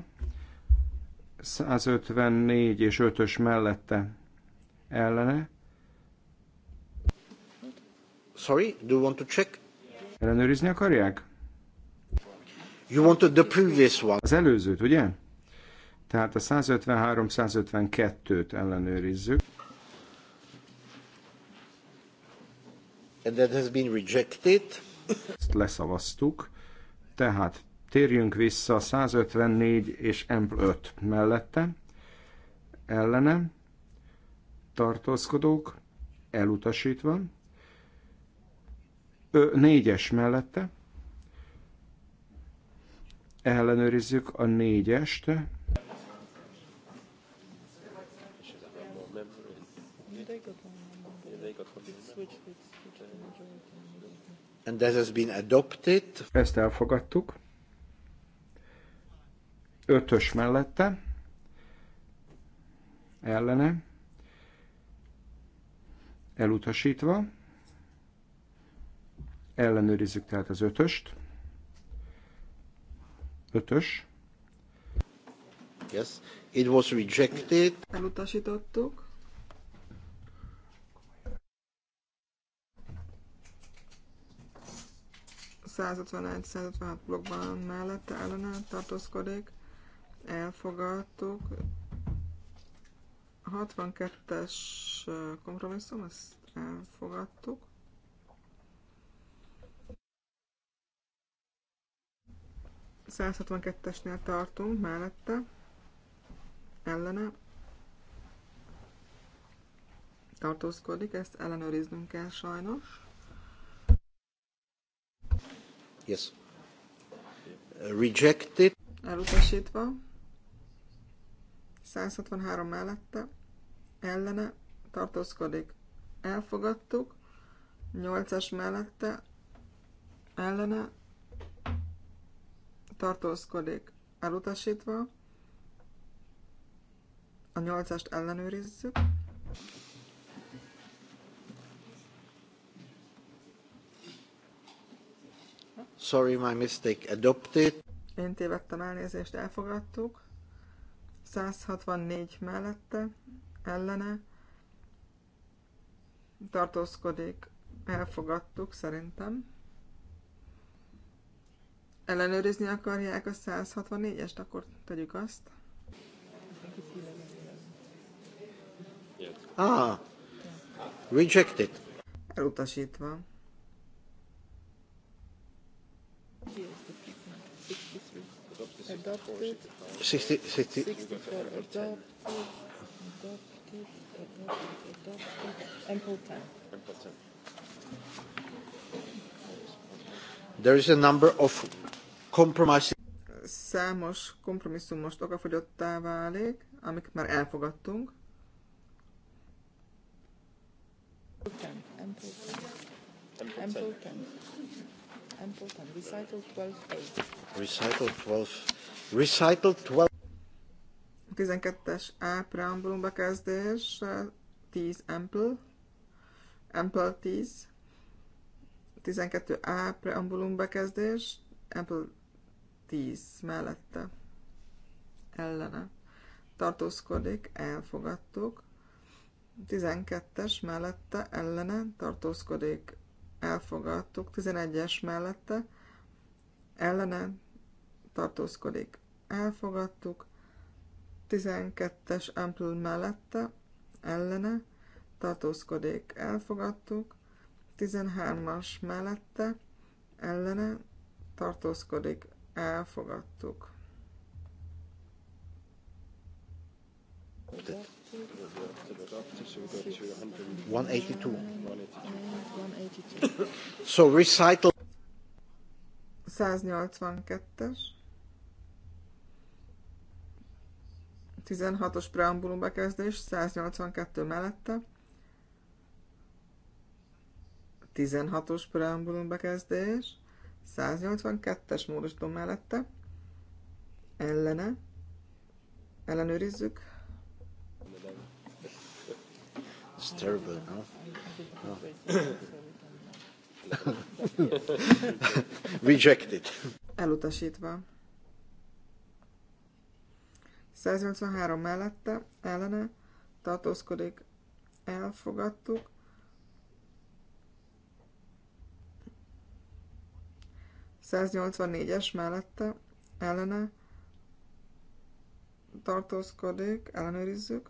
154 és 5-ös mellette, ellene. Sorry, do you want to check? Ellenőrizni akarják? You wanted the previous one. Az előzőt, ugye? Tehát a 153-152-t ellenőrizzük. And that has been rejected. Ezt leszavaztuk. Tehát térjünk vissza 154 és M5 mellette. Ellene tartózkodók elutasítva. Ö, négyes mellette. Ellenőrizzük a négyest. And that has been adopted. Ezt elfogadtuk. Ötös mellette. Ellene. Elutasítva. Ellenőrizzük tehát az ötöst. Ötös. Yes. It was rejected. Elutasítottuk. 151-156 blokkban mellette ellene tartózkodik, elfogadtuk. 62-es kompromisszum, ezt elfogadtuk. esnél tartunk mellette, ellene tartózkodik, ezt ellenőriznünk kell sajnos. Yes. Rejected. Elutasítva. 163 mellette. Ellene tartózkodik. Elfogadtuk. 8-as mellette. Ellene tartózkodik. Elutasítva. A 8-ast ellenőrizzük. Sorry, my mistake. Adopted. Én tévedtem elnézést, elfogadtuk. 164 mellette, ellene. Tartózkodik, elfogadtuk szerintem. Ellenőrizni akarják a 164-est, akkor tegyük azt. Ah, rejected. Elutasítva. 64 adopted. Adopted. Adopted. Adopted. There is a number of compromises. Számos kompromisszum most okafogyottá válik, amik már elfogadtunk. Recital 12 Recital 12 Recital 12. 12-es A preambulum bekezdés, 10 ample, ample 10, 12 A preambulum bekezdés, ample 10 mellette, ellene. Tartózkodik, elfogadtuk. 12-es mellette, ellene, tartózkodik, elfogadtuk. 11-es mellette, ellene, tartózkodik, elfogadtuk, 12-es ampul mellette, ellene, tartózkodik, elfogadtuk, 13-as mellette, ellene, tartózkodik, elfogadtuk. Adopted. 182. 182. So recital 182-es 16-os preambulum bekezdés, 182 mellette. 16-os preambulum bekezdés, 182-es módosítom mellette. Ellene. Ellenőrizzük. It's terrible, *laughs* *laughs* Rejected. Elutasítva. 183 mellette, ellene, tartózkodik, elfogadtuk. es mellette, ellene, tartózkodik, ellenőrizzük.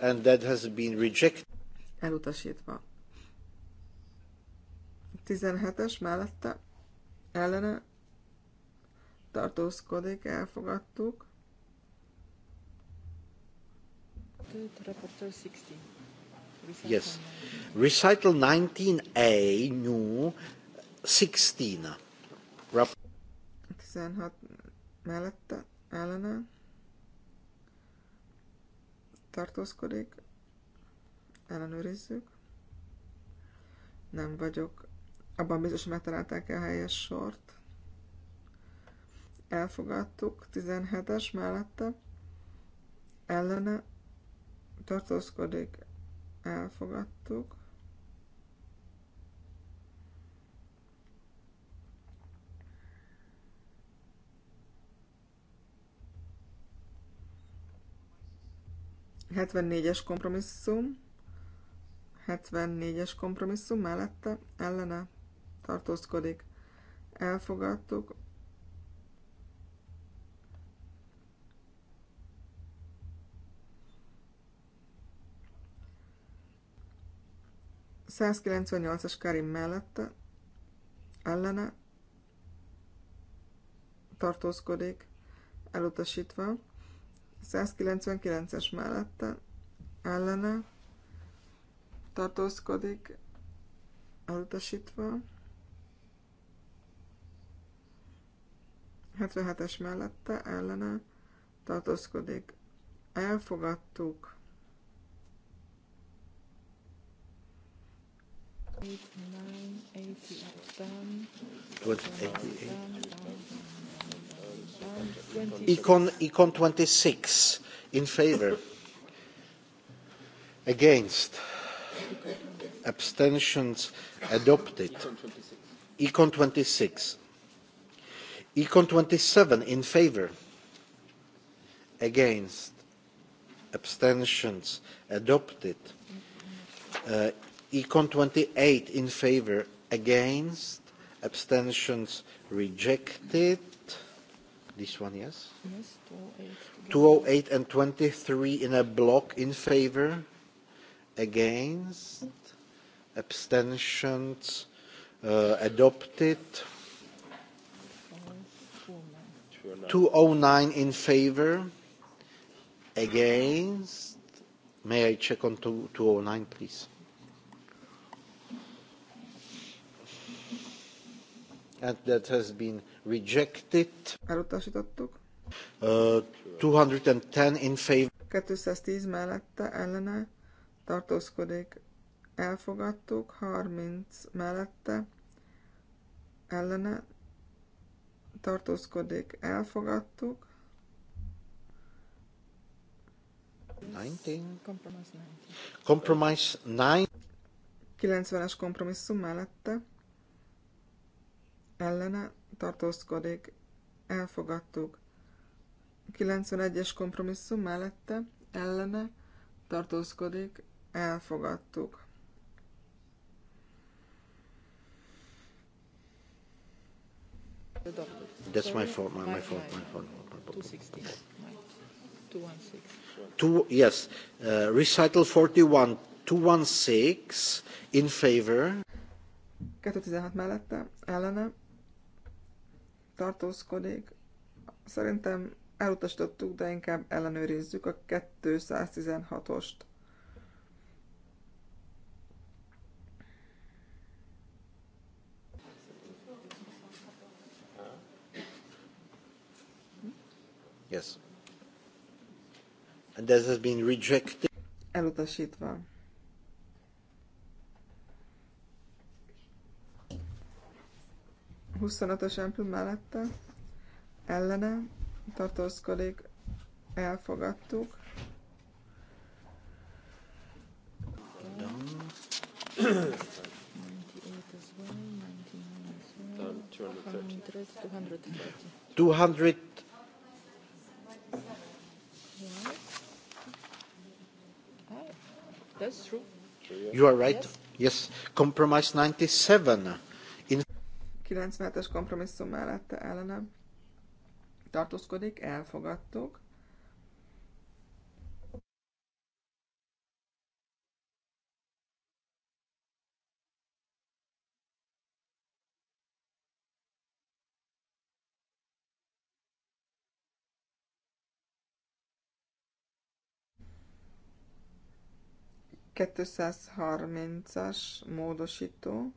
And that has been rejected. Elutasítva. 17-es mellette ellene tartózkodik, elfogadtuk. Yes. Recital 19A, new 16. 16 mellette ellene tartózkodik, ellenőrizzük. Nem vagyok abban biztos, hogy megtalálták a helyes sort. Elfogadtuk, 17-es mellette, ellene tartózkodik, elfogadtuk. Hetvennégyes kompromisszum, 74-es kompromisszum mellette, ellene tartózkodik, elfogadtuk. as Karim mellette, ellene tartózkodik, elutasítva. 199-es mellette, ellene tartózkodik, elutasítva. 77-es mellette ellene tartózkodik. Elfogadtuk. Icon, icon Econ, Econ 26 in favor. Against. Abstentions adopted. Econ 26 Econ 27 in favor. Against. Abstentions. Adopted. Uh, Econ 28 in favor. Against. Abstentions. Rejected. This one, yes? Yes, 208. 208 and 23 in a block in favor. Against. Abstentions. Uh, adopted. 209 in favor, against. May I check on 209, please? And that has been rejected. Elutasítottuk. Uh, 210 in favor. 210 mellette ellene tartózkodik. Elfogadtuk. 30 mellette ellene tartózkodik, elfogadtuk. 19. Compromise 9. 90-es kompromisszum mellette ellene tartózkodik, elfogadtuk. 91-es kompromisszum mellette ellene tartózkodik, elfogadtuk. That's my fault, my, my fault, my fault. 216. 216. Two, yes, uh, recital 41, 216 in favor. 216 mellette, ellene tartózkodik. Szerintem elutasítottuk, de inkább ellenőrizzük a 216-ost. Yes. And this has been rejected. Elutasítva. Huszonatos emplő mellette ellene tartózkodik, elfogadtuk. Done. 230. That's true. You are right. Yes. yes. Compromise 97. In... 97-es kompromisszum mellette ellenem tartózkodik, elfogadtuk. 230-as módosító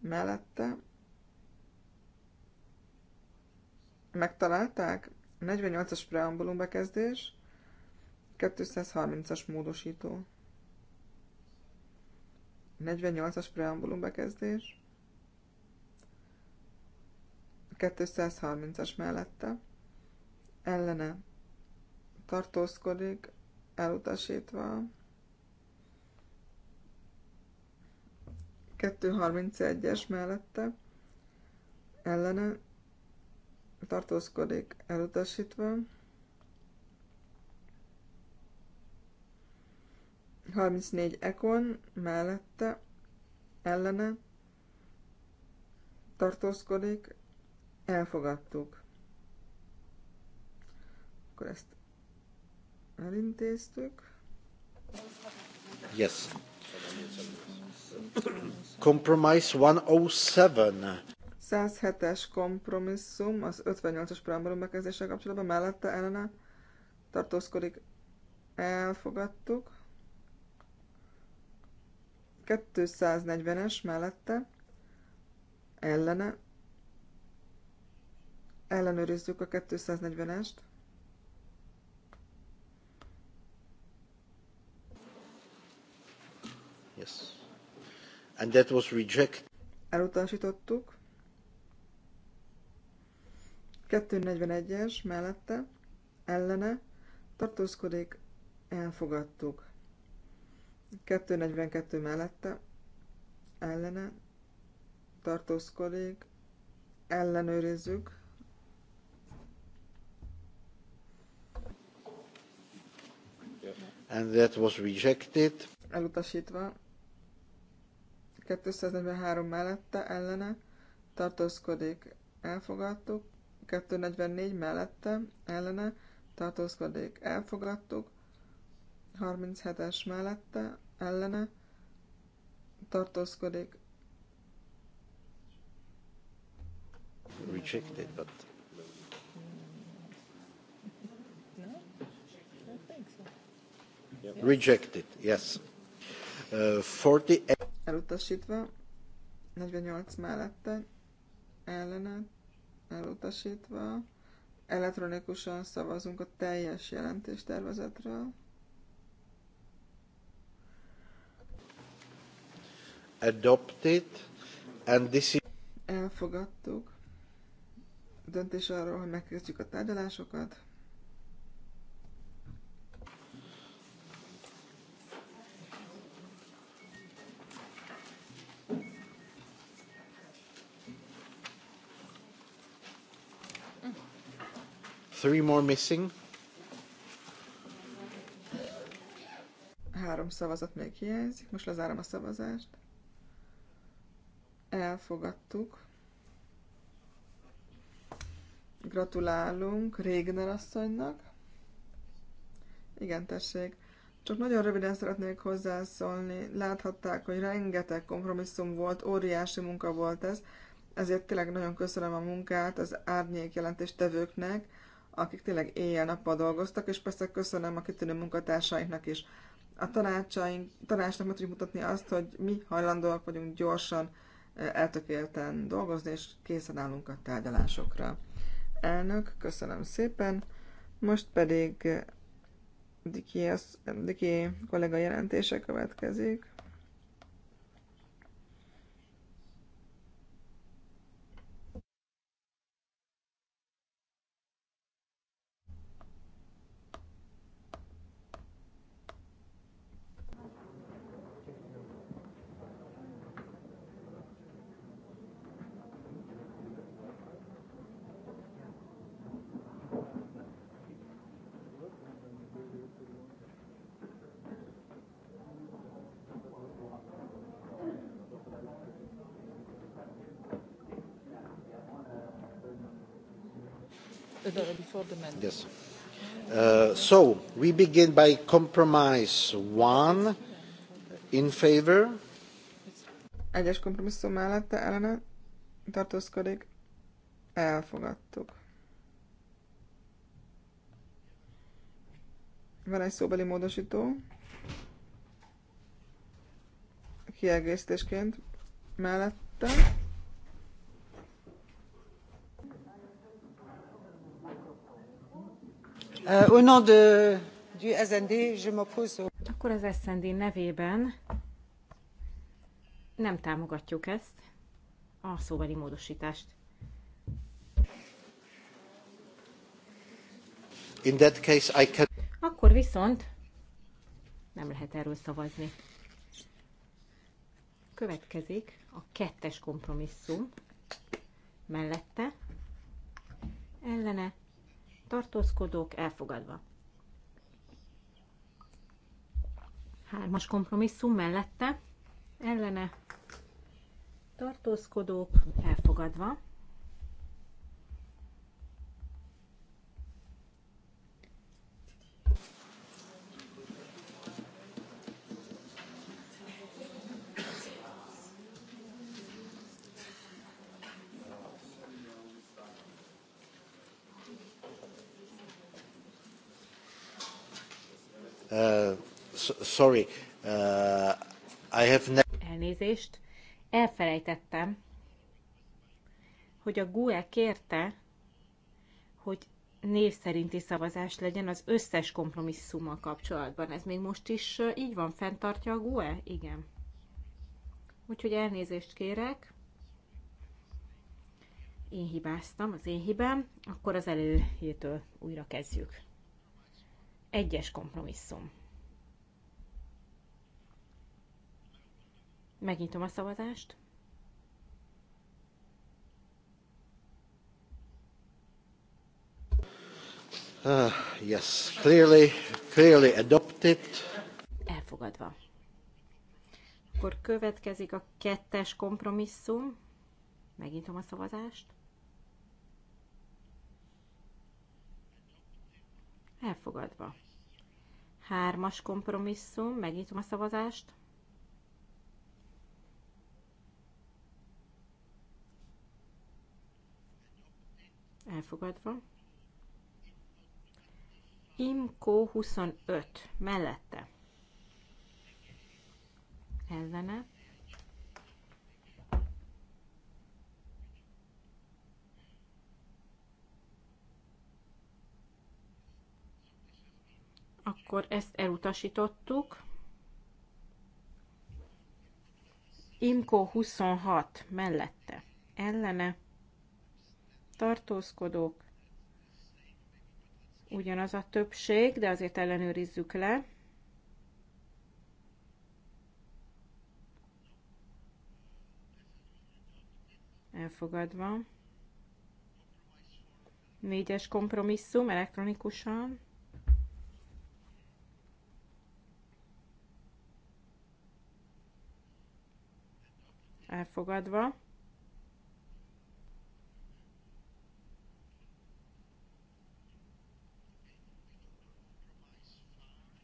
mellette megtalálták 48-as preambulum bekezdés, 230-as módosító. 48-as preambulum bekezdés, 230-as mellette, ellene tartózkodik, elutasítva, 231-es mellette ellene tartózkodik elutasítva. 34 Ekon mellette ellene tartózkodik, elfogadtuk. Akkor ezt elintéztük. Yes. Compromise 107. 107-es kompromisszum az 58-as preambulum bekezdéssel kapcsolatban mellette ellene tartózkodik. Elfogadtuk. 240-es mellette ellene ellenőrizzük a 240-est. and that was rejected. Elutasítottuk. 241-es mellette, ellene, tartózkodik, elfogadtuk. 242 mellette, ellene, tartózkodik, ellenőrizzük. And that was rejected. Elutasítva. 243 mellette ellene tartózkodik, elfogadtuk. 244 mellette ellene tartózkodik, elfogadtuk. 37-es mellette ellene tartózkodik. Rejected, but rejected yes uh, 48 elutasítva, 48 mellette, ellene, elutasítva, elektronikusan szavazunk a teljes jelentéstervezetről. Adopted, and this is... Elfogadtuk. Döntés arról, hogy megkezdjük a tárgyalásokat. Three more missing. Három szavazat még hiányzik, most lezárom a szavazást. Elfogadtuk. Gratulálunk Régner asszonynak. Igen, tessék. Csak nagyon röviden szeretnék hozzászólni. Láthatták, hogy rengeteg kompromisszum volt, óriási munka volt ez, ezért tényleg nagyon köszönöm a munkát az árnyék jelentéstevőknek, akik tényleg éjjel-nappal dolgoztak, és persze köszönöm a kitűnő munkatársainknak is. A tanácsaink, tanácsnak meg tudjuk mutatni azt, hogy mi hajlandóak vagyunk gyorsan, eltökélten dolgozni, és készen állunk a tárgyalásokra. Elnök, köszönöm szépen. Most pedig Diki, Diki kollega jelentése következik. Yes. Uh, so we begin by compromise one in favor. Egyes kompromisszum mellette ellene tartózkodik. Elfogadtuk. Van egy szóbeli módosító. Kiegészítésként mellette Euh, Akkor az SND nevében nem támogatjuk ezt, a szóbeli módosítást. In that case I can... Akkor viszont nem lehet erről szavazni. Következik a kettes kompromisszum mellette, ellene tartózkodók elfogadva. Hármas kompromisszum mellette ellene tartózkodók elfogadva. sorry. Uh, I have Elnézést. Elfelejtettem, hogy a GUE kérte, hogy név szerinti szavazás legyen az összes kompromisszummal kapcsolatban. Ez még most is így van, fenntartja a GUE? Igen. Úgyhogy elnézést kérek. Én hibáztam, az én hibám. Akkor az előjétől újra kezdjük. Egyes kompromisszum. Megnyitom a szavazást. Uh, yes, clearly, clearly adopted. Elfogadva. Akkor következik a kettes kompromisszum. Megnyitom a szavazást. Elfogadva. Hármas kompromisszum. Megnyitom a szavazást. elfogadva. Imko 25 mellette ellene. Akkor ezt elutasítottuk. Imko 26 mellette ellene tartózkodók, ugyanaz a többség, de azért ellenőrizzük le. Elfogadva. Négyes kompromisszum elektronikusan. Elfogadva.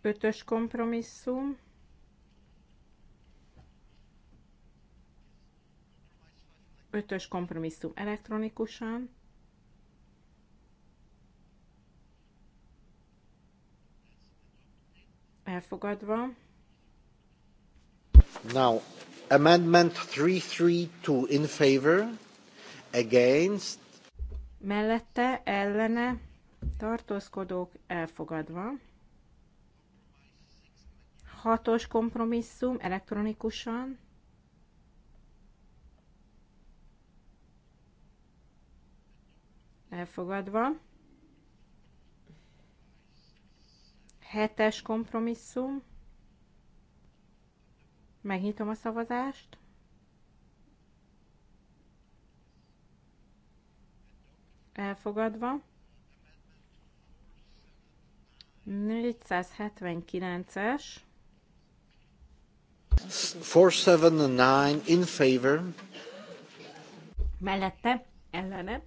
Ötös kompromisszum. Ötös kompromisszum elektronikusan. Elfogadva. Now, amendment 332 in favor, against. Mellette, ellene, tartózkodók elfogadva hatos kompromisszum elektronikusan. Elfogadva. Hetes kompromisszum. Megnyitom a szavazást. Elfogadva. 479-es. 479 in favor. Mellette, ellene.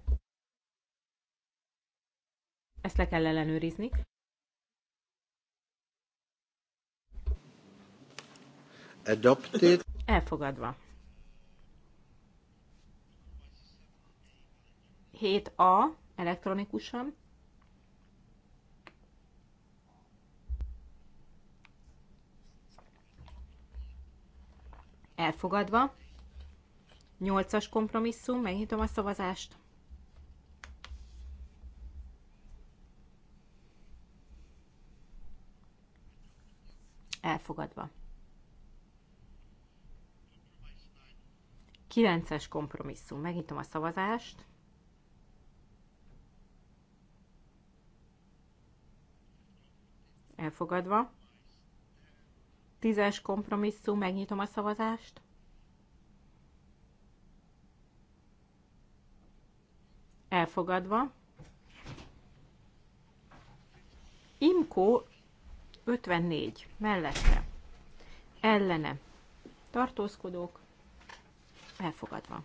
Ezt le kell ellenőrizni. Adopted. Elfogadva. 7A elektronikusan. elfogadva. 8-as kompromisszum, megnyitom a szavazást. Elfogadva. 9-es kompromisszum, megnyitom a szavazást. Elfogadva. Tízes kompromisszum, megnyitom a szavazást. Elfogadva. Imkó 54, mellette. Ellene. Tartózkodók. Elfogadva.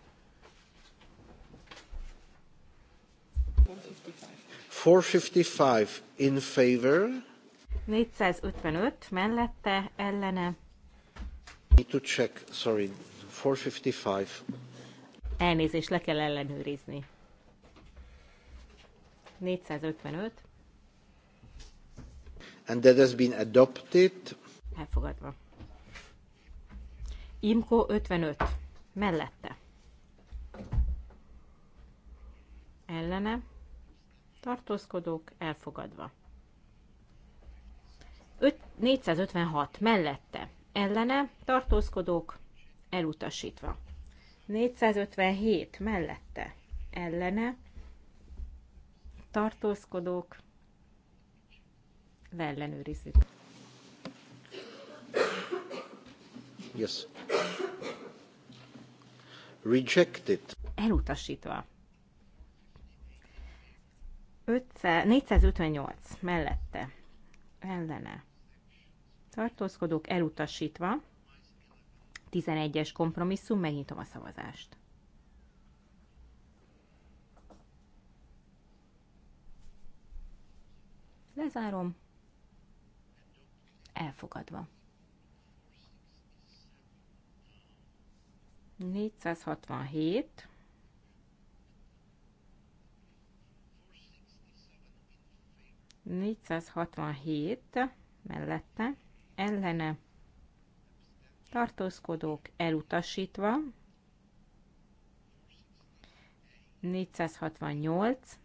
455 in favor 455 mellette ellene. Need to check, sorry, 455. Elnézést le kell ellenőrizni. 455. And that has been adopted. Elfogadva. Imko 55. Mellette. Ellene. Tartózkodók elfogadva. 5, 456 mellette ellene tartózkodók elutasítva. 457 mellette ellene tartózkodók leellenőrizzük. Yes. Rejected. Elutasítva. 500, 458 mellette ellene tartózkodók elutasítva. 11-es kompromisszum, megnyitom a szavazást. Lezárom. Elfogadva. 467. 467 mellette ellene tartózkodók elutasítva, 468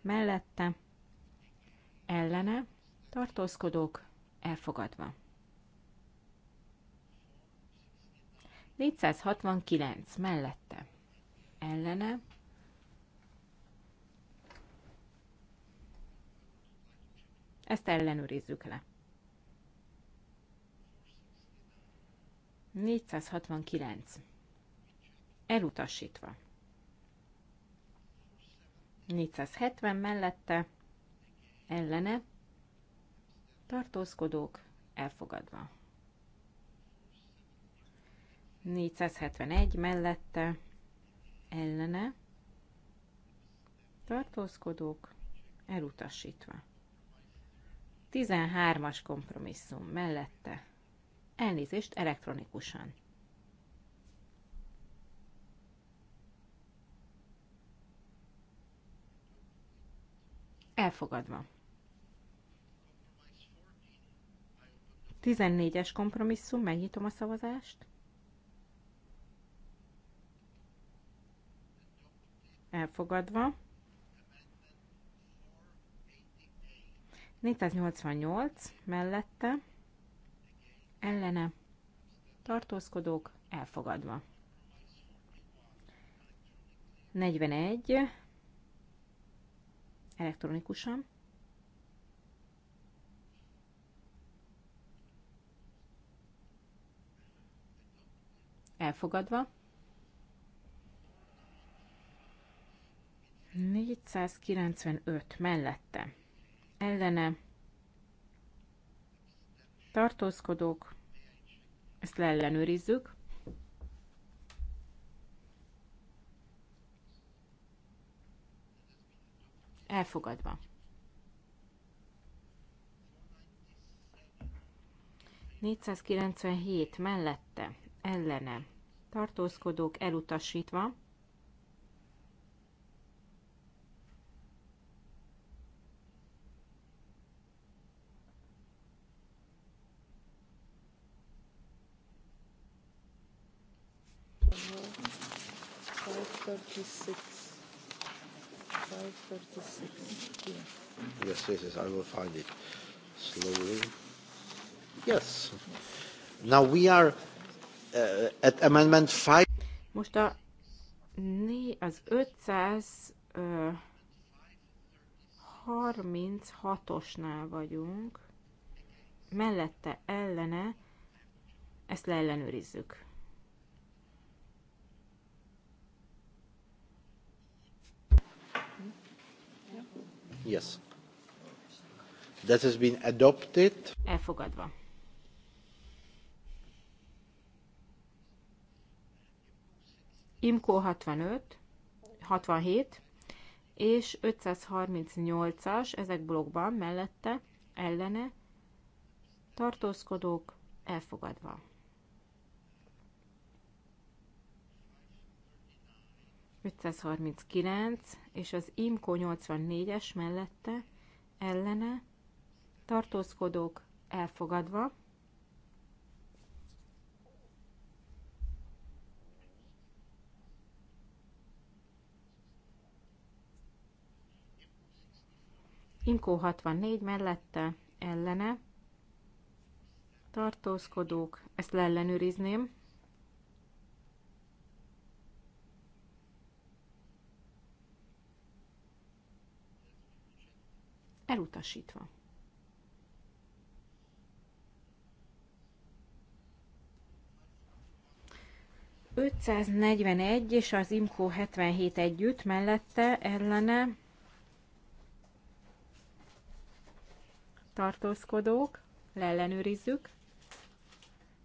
mellette ellene tartózkodók elfogadva. 469 mellette ellene Ezt ellenőrizzük le. 469. Elutasítva. 470 mellette, ellene, tartózkodók, elfogadva. 471 mellette, ellene, tartózkodók, elutasítva. 13-as kompromisszum mellette. Elnézést elektronikusan. Elfogadva. 14-es kompromisszum, megnyitom a szavazást. Elfogadva. 488 mellette ellene tartózkodók elfogadva. 41 elektronikusan. Elfogadva. 495 mellette ellene tartózkodók, ezt leellenőrizzük. Elfogadva. 497 mellette, ellene, tartózkodók elutasítva, 536. 536. Yeah. Yes, yes, yes, I will find it slowly. Yes. Now we are uh, at amendment 5. Most a, az 536 uh, osnál vagyunk, mellette ellene, ezt leellenőrizzük. Yes. That has been adopted. Elfogadva. Imco 65, 67 és 538-as ezek blokkban mellette ellene tartózkodók elfogadva. 539 és az IMCO 84-es mellette ellene tartózkodók elfogadva. Imkó 64 mellette ellene tartózkodók, ezt leellenőrizném. Elutasítva. ...541 és az IMCO 77 együtt mellette ellene tartózkodók, leellenőrizzük,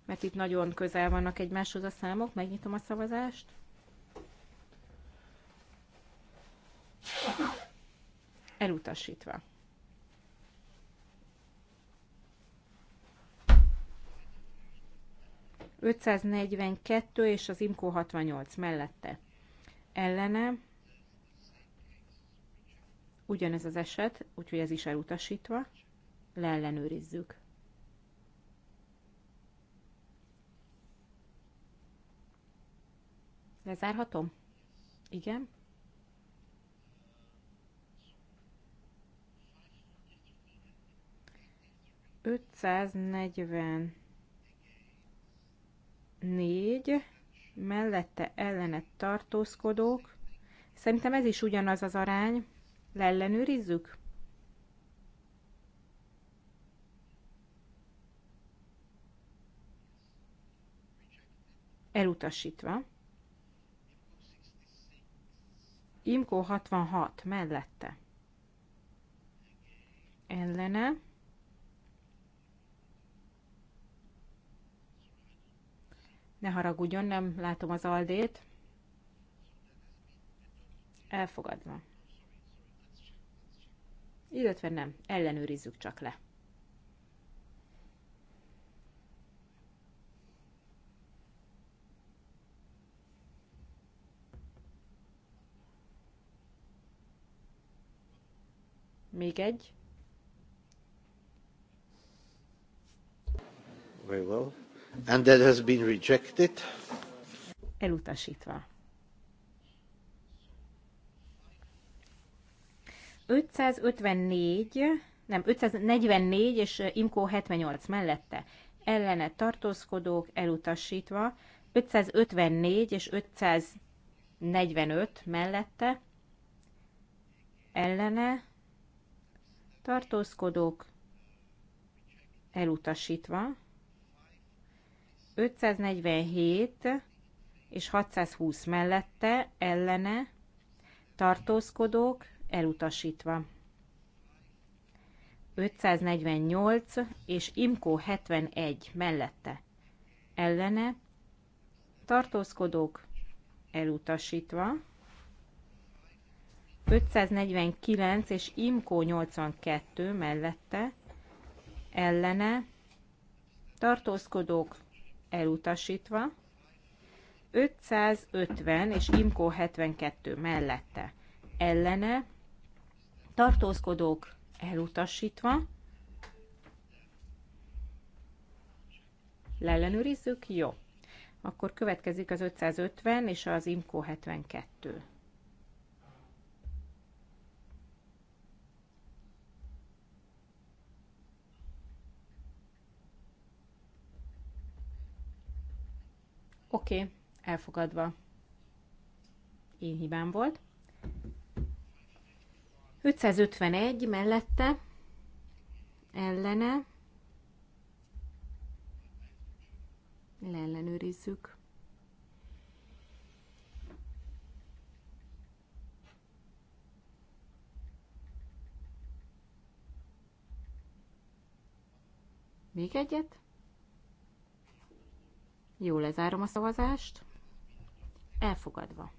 mert itt nagyon közel vannak egymáshoz a számok, megnyitom a szavazást. Elutasítva. 542 és az IMCO 68 mellette. Ellene ugyanez az eset, úgyhogy ez is elutasítva, leellenőrizzük. Lezárhatom? Igen. Ötszáznegyven 4, mellette ellene tartózkodók. Szerintem ez is ugyanaz az arány. Leellenőrizzük? Elutasítva. Imkó 66 mellette. Ellene Ne haragudjon, nem látom az aldét. Elfogadva. Illetve nem, ellenőrizzük csak le. Még egy. Very well and that has been rejected. Elutasítva. 554, nem, 544 és Imkó 78 mellette ellene tartózkodók elutasítva, 554 és 545 mellette ellene tartózkodók elutasítva, 547 és 620 mellette ellene tartózkodók elutasítva. 548 és Imkó 71 mellette ellene tartózkodók elutasítva. 549 és Imkó 82 mellette ellene tartózkodók elutasítva, 550 és Imkó 72 mellette ellene, tartózkodók elutasítva, leellenőrizzük, jó. Akkor következik az 550 és az Imkó 72. Oké, okay, elfogadva. Én hibám volt. 551 mellette, ellene, leellenőrizzük. Még egyet? Jó, lezárom a szavazást. Elfogadva.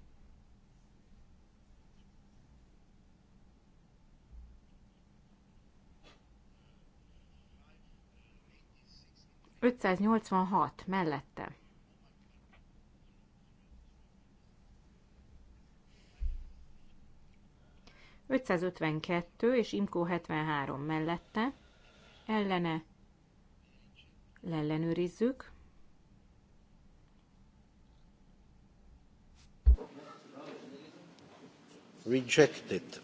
hat mellette. kettő és Imkó 73 mellette. Ellene Lellenőrizzük. Rejected.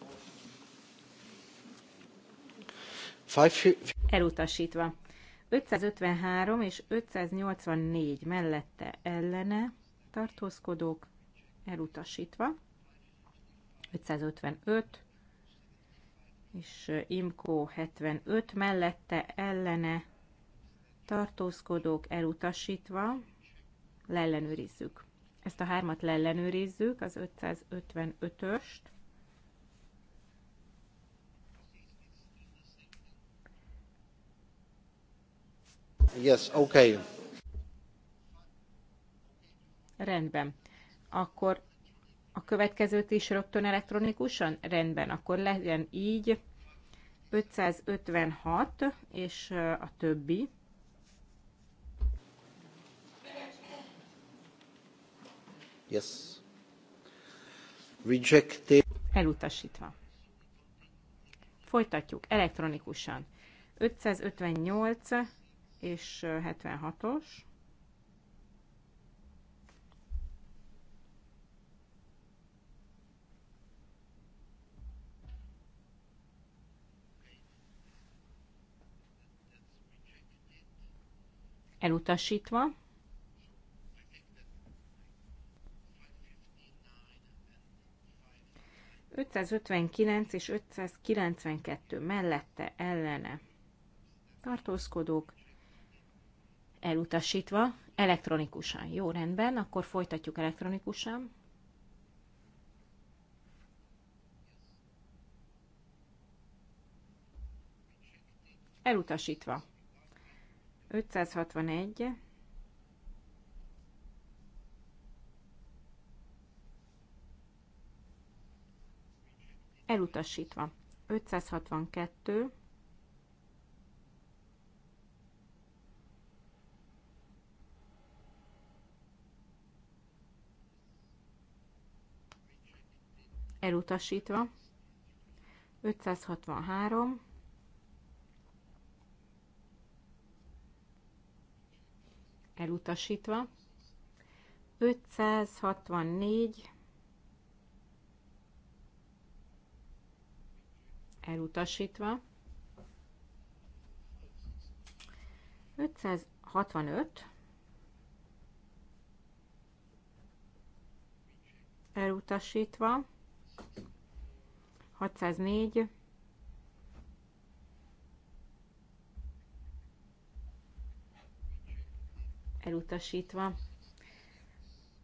Elutasítva. 553 és 584 mellette ellene tartózkodók elutasítva. 555 és Imko 75 mellette ellene tartózkodók elutasítva. Leellenőrizzük. Ezt a hármat leellenőrizzük, az 555-öst. Yes, okay. Rendben. Akkor a következőt is rögtön elektronikusan? Rendben, akkor legyen így 556 és a többi. Yes. Rejected. Elutasítva. Folytatjuk elektronikusan. 558 és 76-os. Elutasítva. 559 és 592 mellette ellene tartózkodók elutasítva elektronikusan. Jó, rendben, akkor folytatjuk elektronikusan. Elutasítva. 561 elutasítva. 562 elutasítva. 563 elutasítva. 564 elutasítva. 565 elutasítva. 604 elutasítva.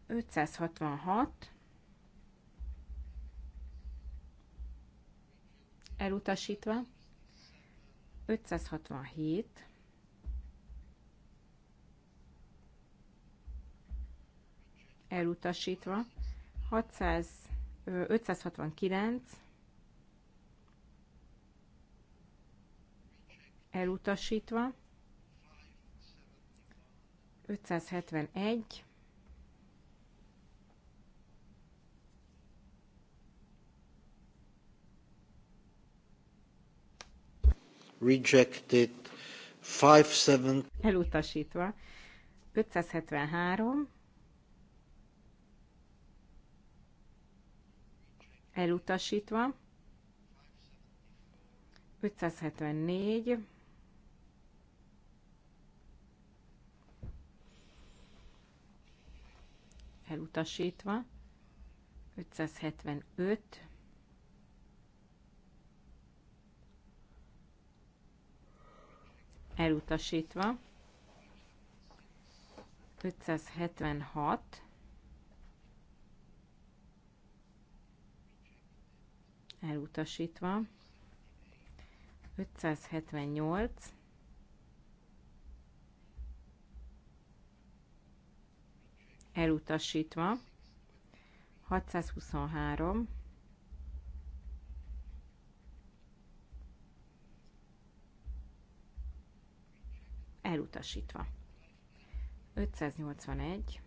566 elutasítva. 567. Elutasítva. 600, 569. Elutasítva. 571. rejected. 57 elutasítva. 573 elutasítva. 574 elutasítva. 575 elutasítva. 576 elutasítva. 578 elutasítva. 623 elutasítva. 581.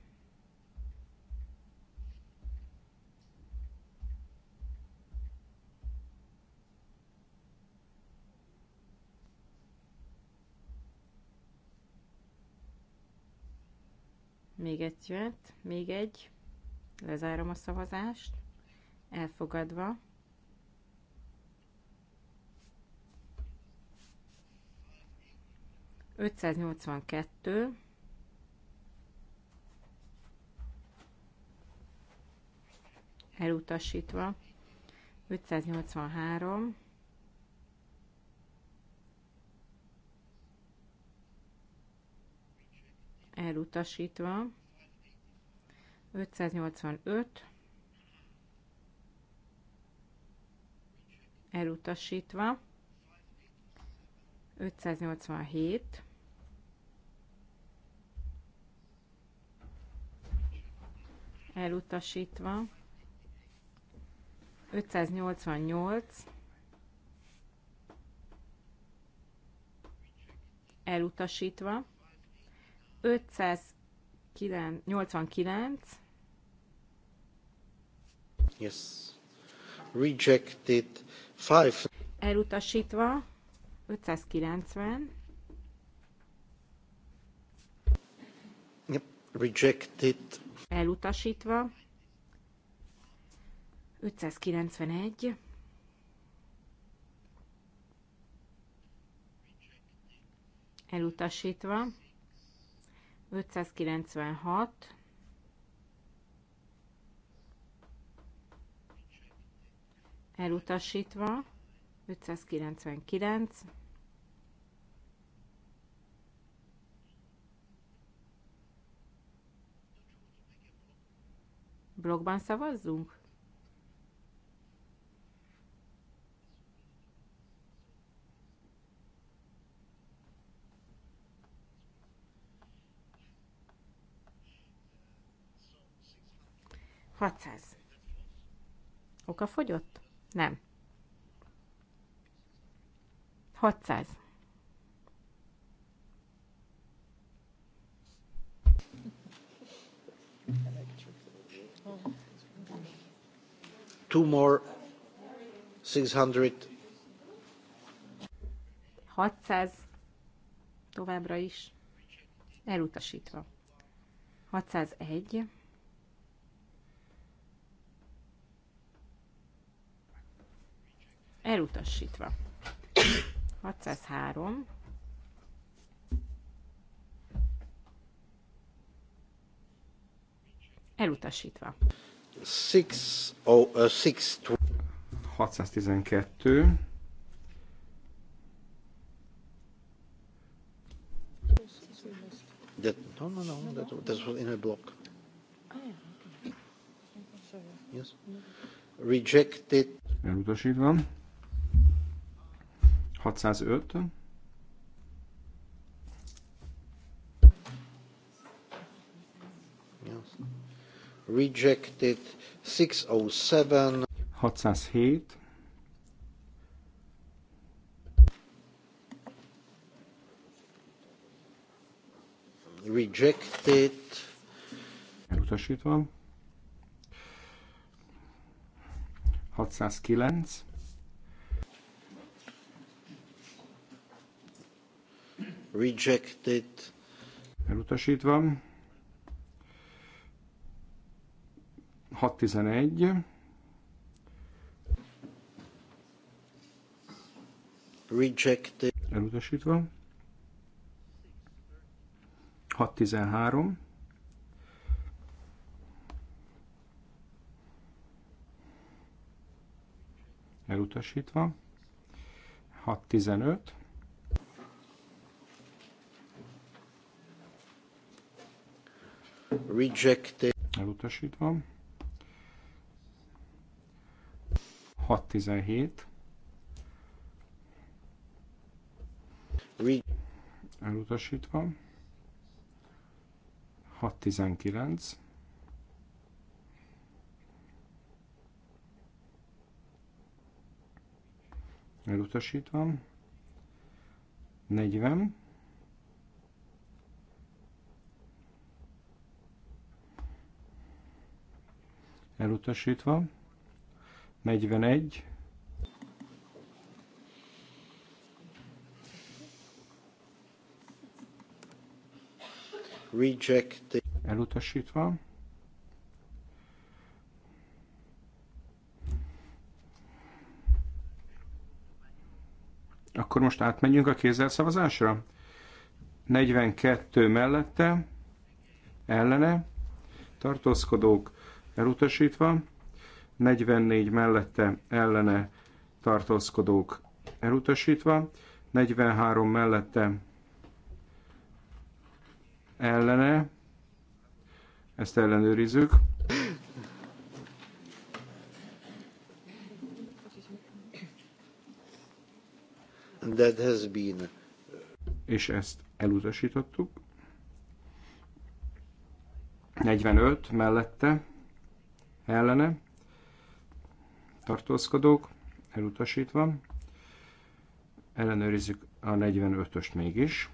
Még egy jöhet, még egy. Lezárom a szavazást. Elfogadva. 582, elutasítva, 583, elutasítva, 585, elutasítva, 587, elutasítva. 588 elutasítva. 589 Yes. Rejected. Five. Elutasítva. 590. Yep. Rejected elutasítva. 591. Elutasítva. 596. Elutasítva. 599. Blogban szavazzunk? Hatszáz. Oka fogyott? Nem. Hatszáz. two more 600. 600 továbbra is elutasítva. 601 elutasítva. 603 elutasítva. 612. Uh, uh, that, no, no, no, that, that was in a block. Oh, yes. Rejected. Elutasítva. 605. Yes rejected 607 607 rejected elutasítva 609 rejected elutasítva 611. Rejected. Elutasítva. 613. Elutasítva. 615. Rejected. Elutasítva. 617. Elutasítva. 619. Elutasítva. 40. Elutasítva. 41. Reject. Elutasítva. Akkor most átmenjünk a kézzel szavazásra. 42 mellette, ellene, tartózkodók elutasítva. 44 mellette ellene tartózkodók elutasítva, 43 mellette ellene, ezt ellenőrizzük. That has been. És ezt elutasítottuk. 45 mellette ellene tartózkodók, elutasítva. Ellenőrizzük a 45-öst mégis.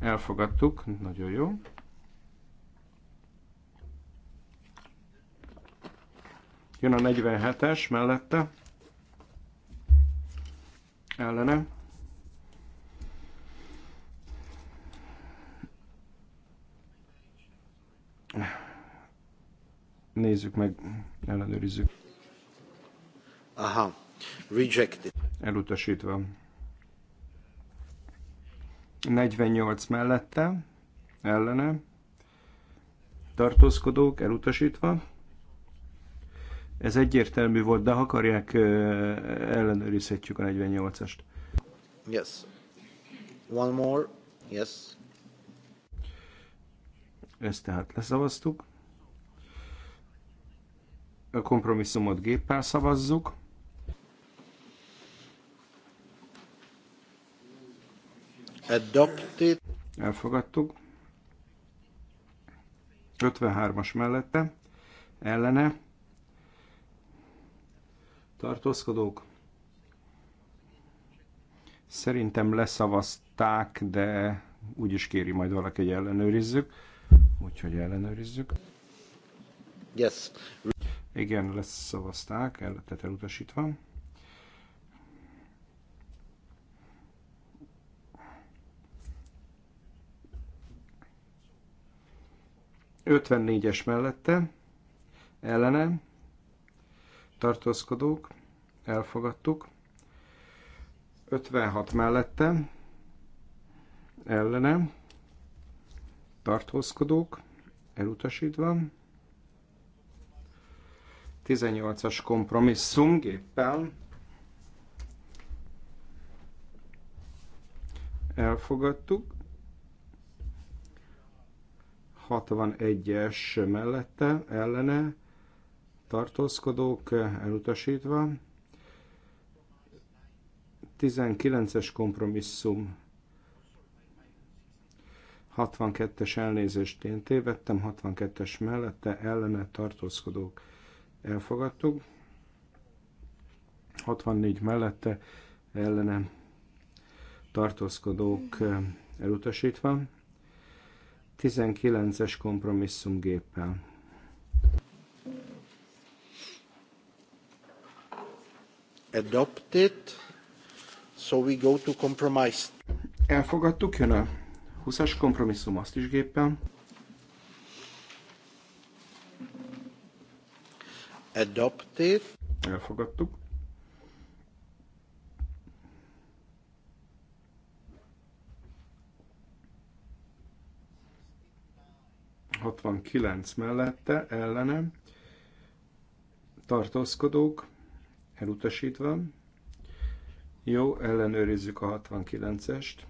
Elfogadtuk, nagyon jó. Jön a 47-es mellette. Ellene Nézzük meg, ellenőrizzük. Aha, rejected. Elutasítva. 48 mellette, ellene, tartózkodók elutasítva. Ez egyértelmű volt, de ha akarják, ellenőrizhetjük a 48-est. Yes. One more. Yes. Ezt tehát leszavaztuk. A kompromisszumot géppel szavazzuk. Adopted. Elfogadtuk. 53-as mellette, ellene, tartózkodók. Szerintem leszavazták, de úgyis kéri majd valaki, hogy ellenőrizzük. Úgyhogy ellenőrizzük. Yes. Igen, szavazták, el, tehát elutasítva. Ötvennégyes mellette, ellene, tartózkodók, elfogadtuk. 56 mellette, ellene, tartózkodók, elutasítva. 18-as kompromisszum géppel. Elfogadtuk. 61-es mellette, ellene, tartózkodók elutasítva. 19-es kompromisszum 62-es elnézést én tévedtem, 62-es mellette ellene tartózkodók elfogadtuk. 64 mellette ellene tartózkodók elutasítva. 19-es kompromisszumgéppel. Adopted, so we go to compromise. Elfogadtuk, jön a 20-as kompromisszum azt is géppel. Adopted. Elfogadtuk. Hatvankilenc mellette, ellenem. Tartózkodók, elutasítva. Jó, ellenőrizzük a 69-est.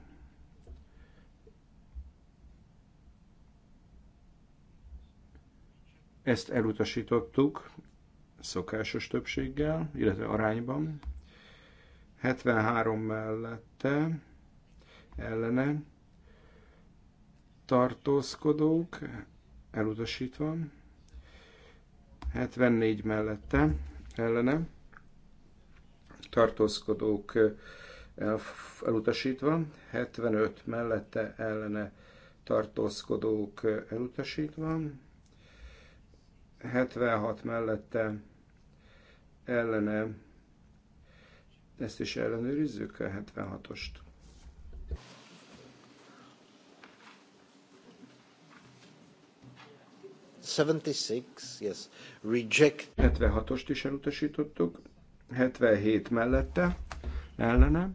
Ezt elutasítottuk, szokásos többséggel, illetve arányban. 73 mellette ellene tartózkodók elutasítva, 74 mellette ellene tartózkodók elutasítva, 75 mellette ellene tartózkodók elutasítva, 76 mellette ellene, ezt is ellenőrizzük, a 76-ost. yes, reject. 76-ost is elutasítottuk, 77 mellette, ellene,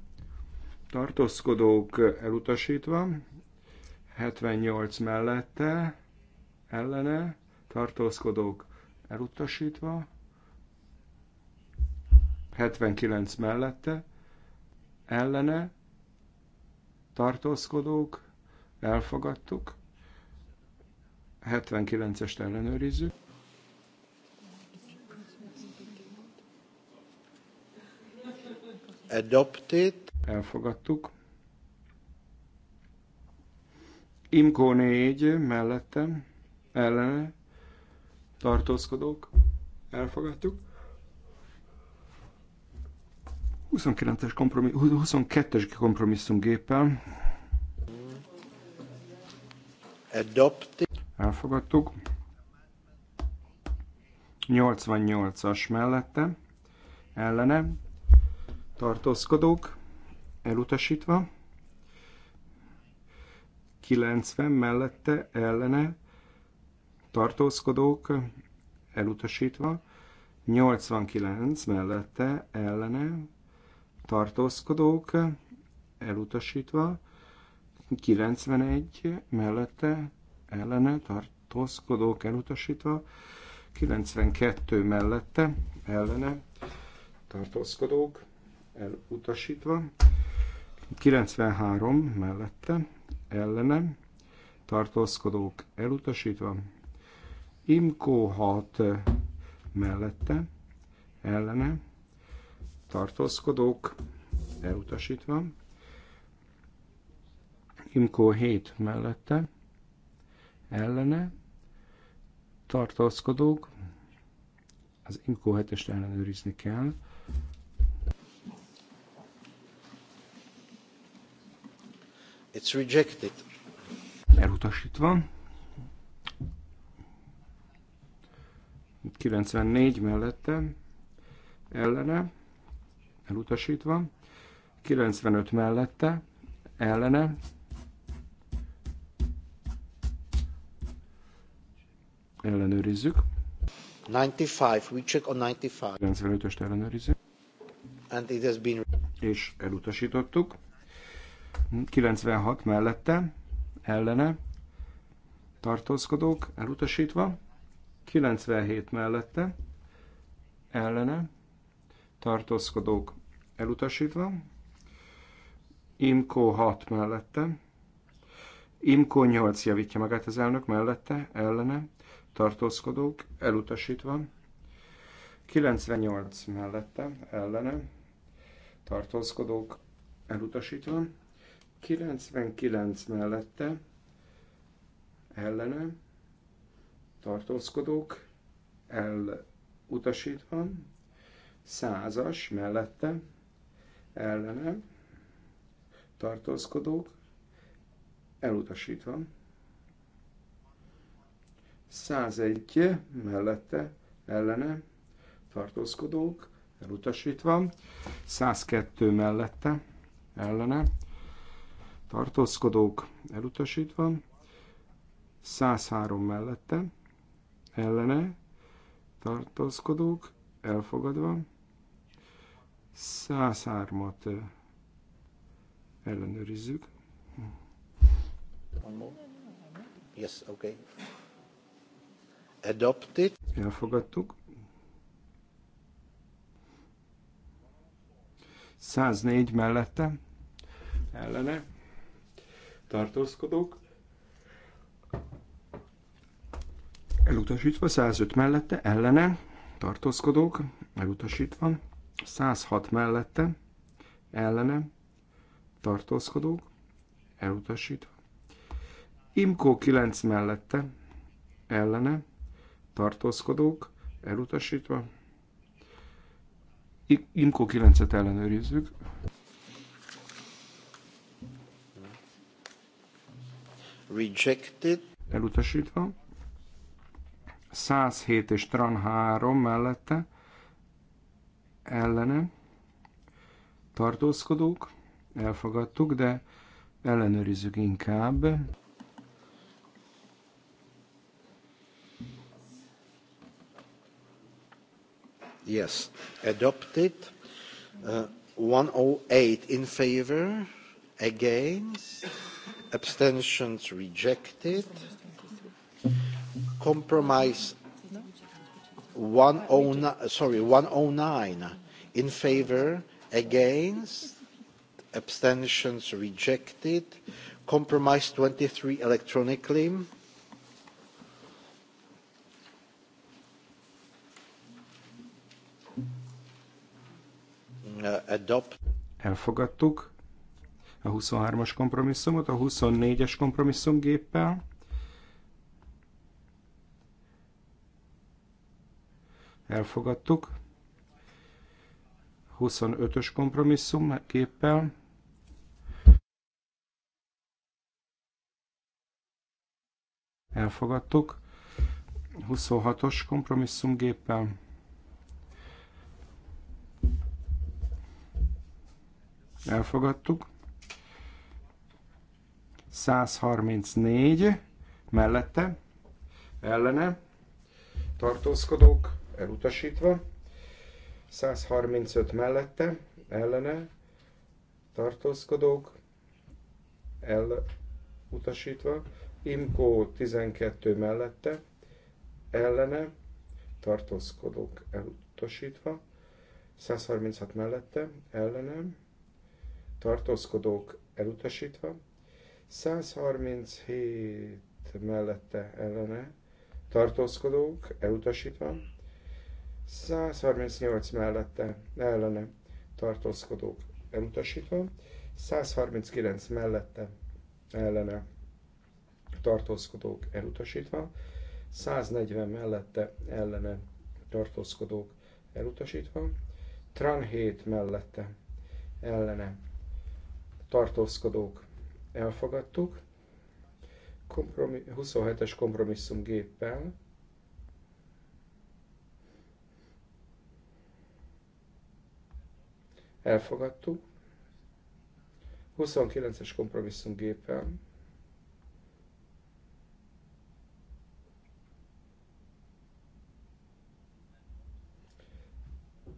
tartózkodók elutasítva, 78 mellette, ellene, tartózkodók elutasítva, 79 mellette, ellene, tartózkodók, elfogadtuk, 79-est ellenőrizzük. Adopted. Elfogadtuk. Imkó 4 mellettem, ellene, tartózkodók, elfogadtuk. 29-es kompromisszum, 22-es kompromisszum géppel. Elfogadtuk. 88-as mellette, ellene, tartózkodók, elutasítva. 90 mellette, ellene, tartózkodók, elutasítva. 89 mellette, ellene, tartózkodók, elutasítva, 91 mellette, ellene, tartózkodók, elutasítva, 92 mellette, ellene, tartózkodók, elutasítva, 93 mellette, ellene, tartózkodók, elutasítva, Imkó 6 mellette, ellene, tartózkodók elutasítva. Imkó 7 mellette ellene tartózkodók az Imkó 7-est ellenőrizni kell. It's rejected. Elutasítva. 94 mellette ellene elutasítva, 95 mellette, ellene, ellenőrizzük. 95, we check on 95. 95-öst ellenőrizzük. And it has been... És elutasítottuk. 96 mellette, ellene, tartózkodók, elutasítva. 97 mellette, ellene, tartózkodók elutasítva. Imko 6 mellette. Imko 8 javítja magát az elnök mellette, ellene, tartózkodók elutasítva. 98 mellette, ellene, tartózkodók elutasítva. 99 mellette, ellene, tartózkodók elutasítva százas mellette ellene tartózkodók elutasítva. 101 mellette ellene tartózkodók elutasítva. 102 mellette ellene tartózkodók elutasítva. 103 mellette ellene tartózkodók elfogadva. 103-at ellenőrizzük. One more? Yes, okay. Adopted. Elfogadtuk. 104 mellette ellene tartózkodók. Elutasítva 105 mellette ellene tartózkodók, elutasítva 106 mellette, ellene, tartózkodók, elutasítva. Imkó 9 mellette, ellene, tartózkodók, elutasítva. Imkó 9-et ellenőrizzük. Rejected. Elutasítva. 107 és Tran 3 mellette ellene tartózkodók, elfogadtuk, de ellenőrizzük inkább. Yes, adopted. Uh, 108 in favor, against, abstentions rejected. Compromise 109, sorry, 109 in favor, against, abstentions rejected. Compromise 23 electronically. Uh, adopt. Elfogadtuk a 23-as kompromisszumot, a 24-es kompromisszumgéppel elfogadtuk. 25-ös kompromisszum képpel. Elfogadtuk. 26-os géppel. Elfogadtuk. 134 mellette, ellene, tartózkodók, elutasítva, 135 mellette, ellene, tartózkodók, elutasítva, Imkó 12 mellette, ellene, tartózkodók elutasítva, 136 mellette, ellene tartózkodók elutasítva, 137 mellette ellene, tartózkodók elutasítva, 138 mellette ellene tartózkodók elutasítva, 139 mellette ellene tartózkodók elutasítva, 140 mellette ellene tartózkodók elutasítva, Tran 7 mellette ellene tartózkodók elfogadtuk, 27-es kompromisszum géppel elfogadtuk. 29-es kompromisszum gépen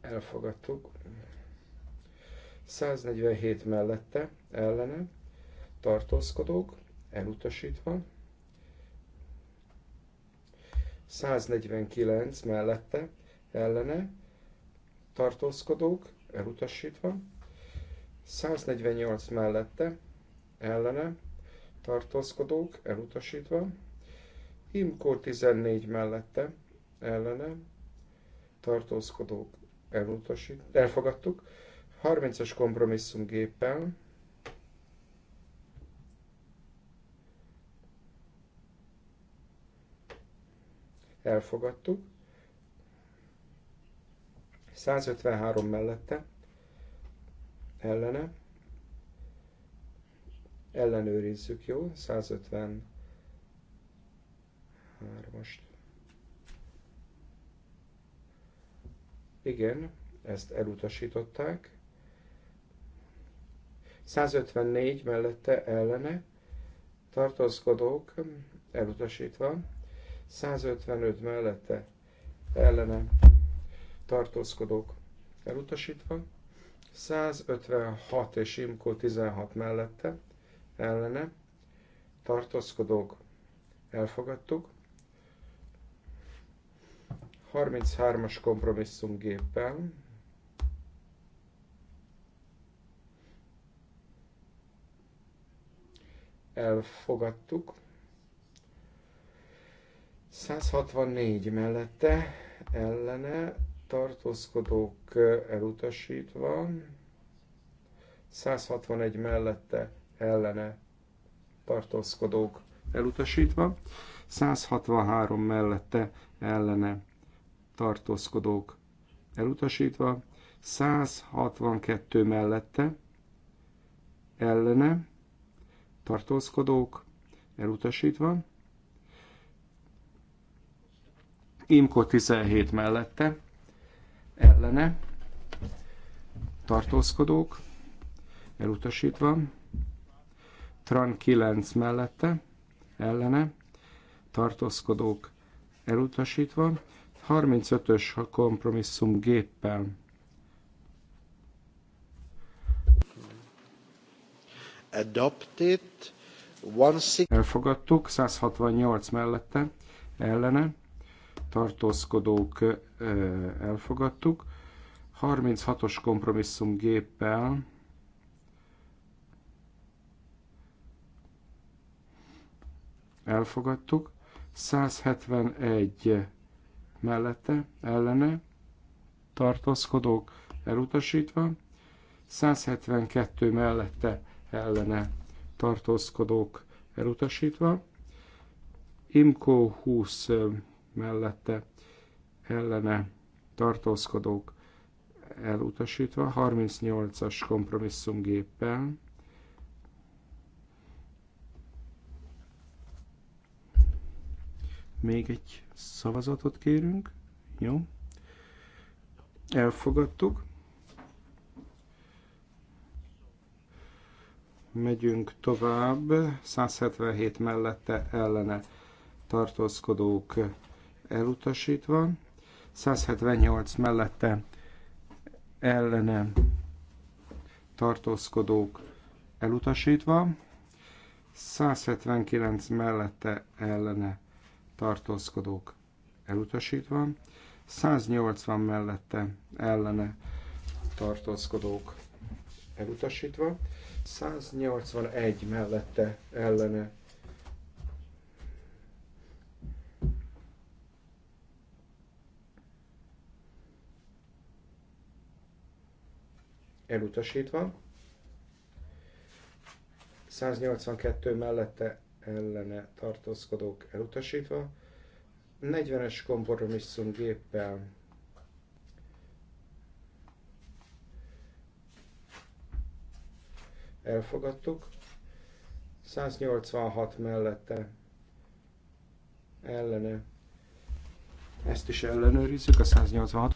Elfogadtuk. 147 mellette, ellene, tartózkodók, elutasítva. 149 mellette, ellene, tartózkodók, elutasítva, 148 mellette, ellene, tartózkodók, elutasítva, Imkó 14 mellette, ellene, tartózkodók, elutasít, elfogadtuk, 30-as kompromisszum géppel, elfogadtuk, 153 mellette, ellene, ellenőrizzük, jó? 153 most Igen, ezt elutasították. 154 mellette ellene, tartózkodók elutasítva, 155 mellette ellene tartózkodók elutasítva, 156 és Imkó 16 mellette, ellene, tartózkodók elfogadtuk, 33-as kompromisszum géppel, elfogadtuk, 164 mellette ellene tartózkodók elutasítva, 161 mellette ellene tartózkodók elutasítva, 163 mellette ellene tartózkodók elutasítva, 162 mellette ellene tartózkodók elutasítva, Imko 17 mellette ellene tartózkodók elutasítva, Tran 9 mellette ellene tartózkodók elutasítva, 35-ös kompromisszum géppel. Adopted. Elfogadtuk, 168 mellette, ellene, tartózkodók elfogadtuk. 36-os kompromisszum géppel elfogadtuk. 171 mellette, ellene tartózkodók elutasítva, 172 mellette ellene tartózkodók elutasítva, Imco 20 mellette ellene tartózkodók elutasítva, 38-as kompromisszumgéppel, még egy szavazatot kérünk, jó? Elfogadtuk. Megyünk tovább, 177 mellette ellene tartózkodók elutasítva, 178 mellette ellene tartózkodók elutasítva, 179 mellette ellene tartózkodók elutasítva, 180 mellette ellene tartózkodók elutasítva, 181 mellette ellene elutasítva. 182 mellette ellene tartózkodók elutasítva. 40-es kompromisszum géppel elfogadtuk. 186 mellette ellene. Ezt is ellenőrizzük, a 186.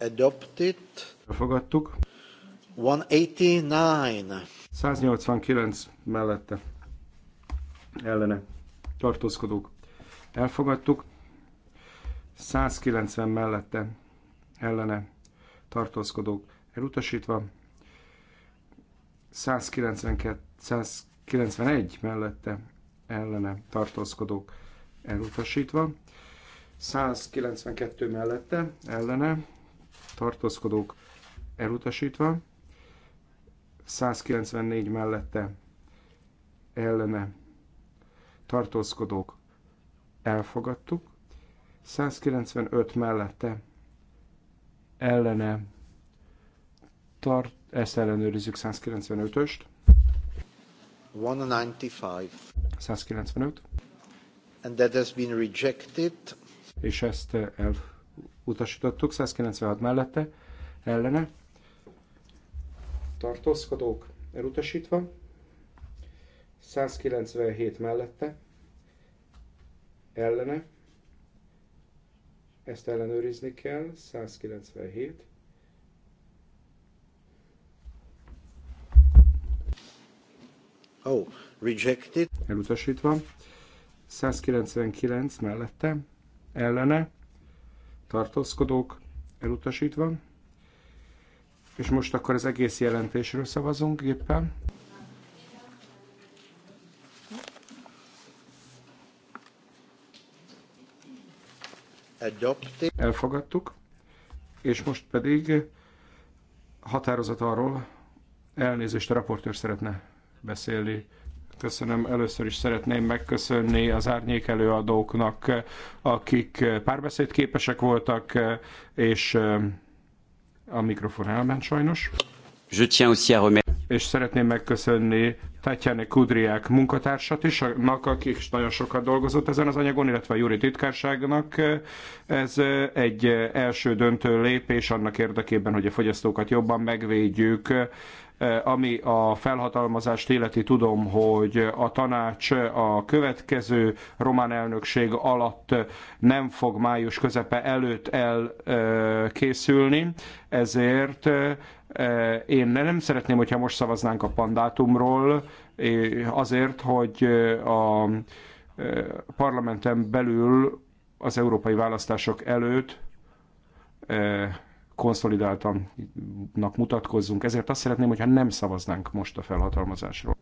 Adopted. Befogadtuk. 189. 189 mellette. Ellene. Tartózkodók. Elfogadtuk. 190 mellette. Ellene. Tartózkodók. Elutasítva. 192, 191 mellette ellene tartózkodók elutasítva, 192 mellette ellene tartózkodók elutasítva, 194 mellette ellene tartózkodók elfogadtuk, 195 mellette ellene tart, ezt ellenőrizzük 195-öst. 195. 195. And that has been rejected. És ezt el utasítottuk, 196 mellette, ellene, tartózkodók elutasítva, 197 mellette, ellene, ezt ellenőrizni kell, 197, Oh, rejected. Elutasítva. 199 mellette, ellene, tartózkodók elutasítva. És most akkor az egész jelentésről szavazunk éppen. Elfogadtuk, és most pedig határozat arról, elnézést a raportőr szeretne beszélni. Köszönöm. Először is szeretném megköszönni az árnyék előadóknak, akik képesek voltak, és a mikrofon elment sajnos. Je tiens aussi à És szeretném megköszönni Tatjana Kudriák munkatársat is, annak, akik is nagyon sokat dolgozott ezen az anyagon, illetve a Júri titkárságnak. Ez egy első döntő lépés annak érdekében, hogy a fogyasztókat jobban megvédjük ami a felhatalmazást életi tudom, hogy a tanács a következő román elnökség alatt nem fog május közepe előtt elkészülni, ezért én nem szeretném, hogyha most szavaznánk a pandátumról, azért, hogy a parlamenten belül az európai választások előtt konszolidáltanak mutatkozzunk. Ezért azt szeretném, hogyha nem szavaznánk most a felhatalmazásról.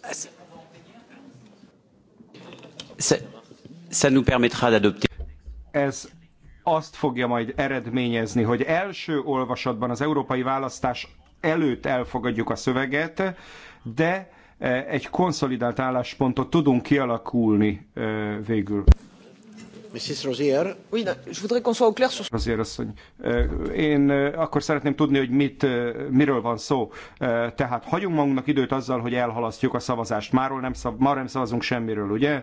Ez. nous permettra d'adopter. Ez azt fogja majd eredményezni, hogy első olvasatban az európai választás előtt elfogadjuk a szöveget, de eh, egy konszolidált álláspontot tudunk kialakulni eh, végül. Rozier. asszony, eh, én eh, akkor szeretném tudni, hogy mit, eh, miről van szó. Tehát hagyunk magunknak időt azzal, hogy elhalasztjuk a szavazást. Máról nem, szav, már nem szavazunk semmiről, ugye?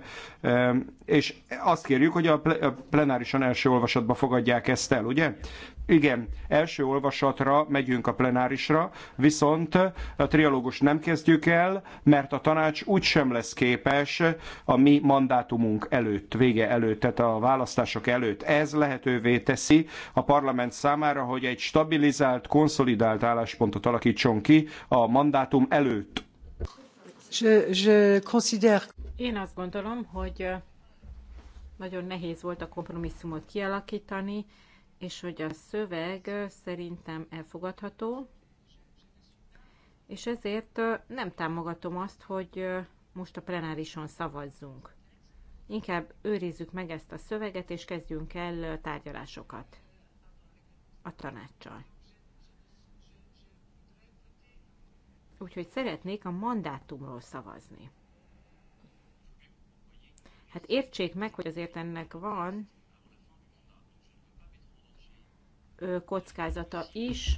És azt kérjük, hogy a plenárison első olvasatban fogadják ezt el, ugye? Igen, első olvasatra megyünk a plenárisra, viszont a trialógus nem kezdjük el, mert a tanács úgysem lesz képes a mi mandátumunk előtt, vége előtt, tehát a választások előtt. Ez lehetővé teszi a parlament számára, hogy egy stabilizált, konszolidált álláspontot alakítson ki a mandátum előtt. Je, je Én azt gondolom, hogy nagyon nehéz volt a kompromisszumot kialakítani, és hogy a szöveg szerintem elfogadható, és ezért nem támogatom azt, hogy most a plenárison szavazzunk. Inkább őrizzük meg ezt a szöveget, és kezdjünk el tárgyalásokat a tanácssal. Úgyhogy szeretnék a mandátumról szavazni. Hát értsék meg, hogy azért ennek van kockázata is.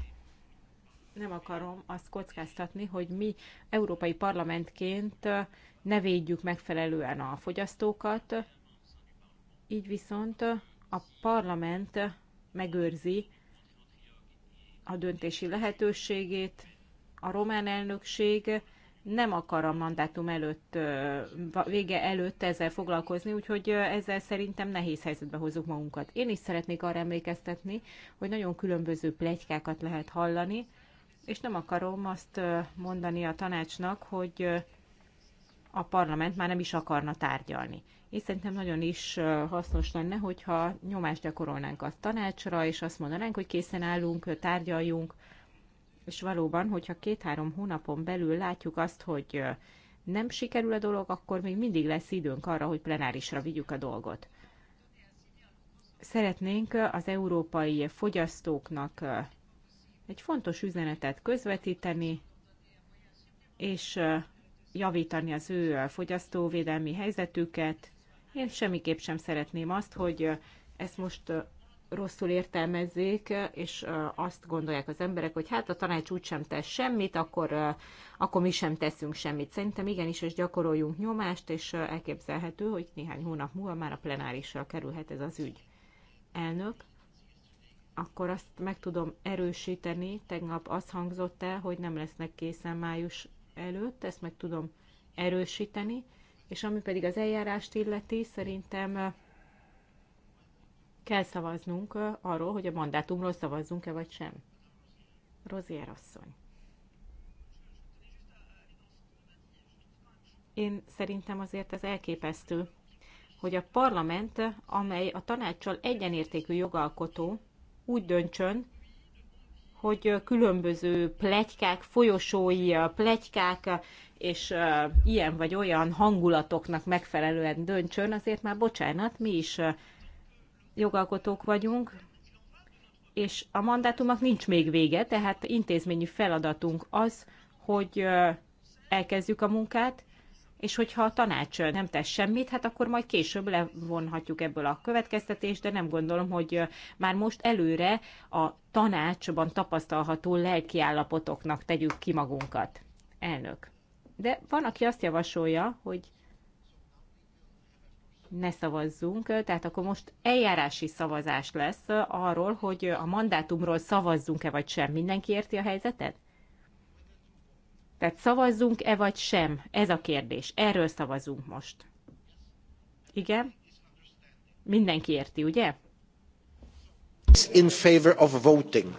Nem akarom azt kockáztatni, hogy mi európai parlamentként ne védjük megfelelően a fogyasztókat, így viszont a parlament megőrzi a döntési lehetőségét, a román elnökség nem akar a mandátum előtt, vége előtt ezzel foglalkozni, úgyhogy ezzel szerintem nehéz helyzetbe hozzuk magunkat. Én is szeretnék arra emlékeztetni, hogy nagyon különböző plegykákat lehet hallani, és nem akarom azt mondani a tanácsnak, hogy a parlament már nem is akarna tárgyalni. És szerintem nagyon is hasznos lenne, hogyha nyomást gyakorolnánk a tanácsra, és azt mondanánk, hogy készen állunk, tárgyaljunk, és valóban, hogyha két-három hónapon belül látjuk azt, hogy nem sikerül a dolog, akkor még mindig lesz időnk arra, hogy plenárisra vigyük a dolgot. Szeretnénk az európai fogyasztóknak egy fontos üzenetet közvetíteni, és javítani az ő fogyasztóvédelmi helyzetüket. Én semmiképp sem szeretném azt, hogy ezt most rosszul értelmezzék, és azt gondolják az emberek, hogy hát a tanács úgysem tesz semmit, akkor, akkor mi sem teszünk semmit. Szerintem igenis, és gyakoroljunk nyomást, és elképzelhető, hogy néhány hónap múlva már a plenárisra kerülhet ez az ügy. Elnök, akkor azt meg tudom erősíteni, tegnap az hangzott el, hogy nem lesznek készen május előtt, ezt meg tudom erősíteni, és ami pedig az eljárást illeti, szerintem kell szavaznunk arról, hogy a mandátumról szavazzunk-e vagy sem. Rozier asszony. Én szerintem azért ez elképesztő, hogy a parlament, amely a tanácssal egyenértékű jogalkotó, úgy döntsön, hogy különböző plegykák, folyosói plegykák és ilyen vagy olyan hangulatoknak megfelelően döntsön, azért már bocsánat, mi is jogalkotók vagyunk, és a mandátumnak nincs még vége, tehát intézményi feladatunk az, hogy elkezdjük a munkát, és hogyha a tanács nem tesz semmit, hát akkor majd később levonhatjuk ebből a következtetést, de nem gondolom, hogy már most előre a tanácsban tapasztalható lelkiállapotoknak tegyük ki magunkat. Elnök. De van, aki azt javasolja, hogy ne szavazzunk, tehát akkor most eljárási szavazás lesz arról, hogy a mandátumról szavazzunk-e vagy sem. Mindenki érti a helyzetet? Tehát szavazzunk-e vagy sem? Ez a kérdés. Erről szavazunk most. Igen? Mindenki érti, ugye? In favor of voting.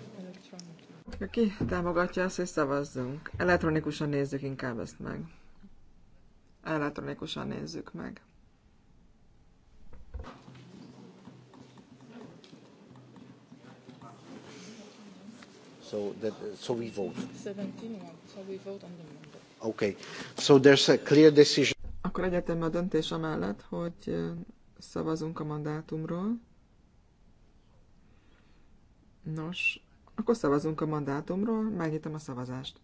Ki támogatja azt, hogy szavazzunk? Elektronikusan nézzük inkább ezt meg. Elektronikusan nézzük meg. So, that, uh, so we vote. 17 van, so we vote on the Monday. Okay. So there's a clear decision. Akkor egyetem a döntés amellett, hogy szavazunk a mandátumról. Nos, akkor szavazunk a mandátumról, megnyitom a szavazást.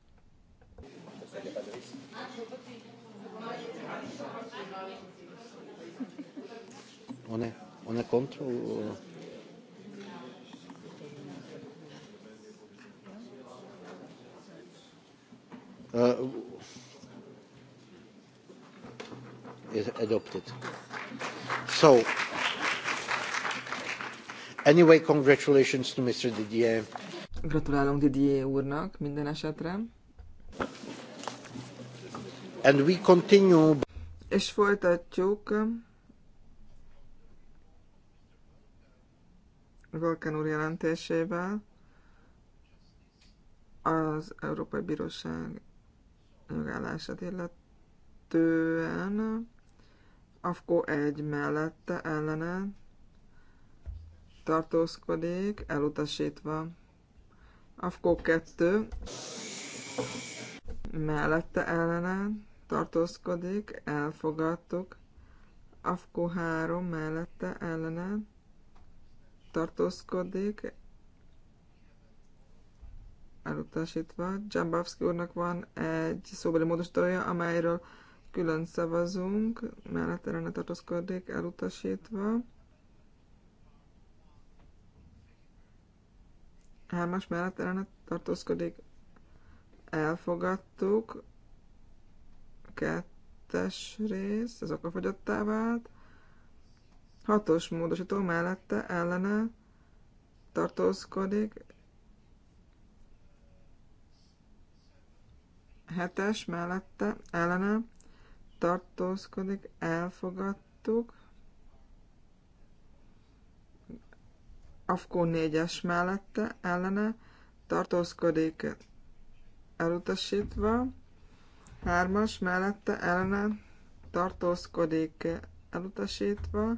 On est, on est contre ou... Uh, Uh, is adopted. So, anyway, congratulations to Mr. Didier. Gratulálunk Didier úrnak minden esetre. And we continue. És folytatjuk. Volkan úr jelentésével az Európai Bíróság megállását illetően. Afko egy mellette ellene tartózkodik, elutasítva. Afko 2 mellette ellene tartózkodik, elfogadtuk. Afko 3 mellette ellene tartózkodik, elutasítva. Jambavski úrnak van egy szóbeli módosítója, amelyről külön szavazunk, mellette ne tartozkodik, elutasítva. Hármas mellett ellene tartózkodik, elfogadtuk. Kettes rész, ez okafogyottá vált. Hatos módosító mellette ellene tartózkodik, hetes mellette ellene tartózkodik, elfogadtuk. Afkó 4-es mellette ellene tartózkodik, elutasítva. 3-as mellette ellene tartózkodik, elutasítva.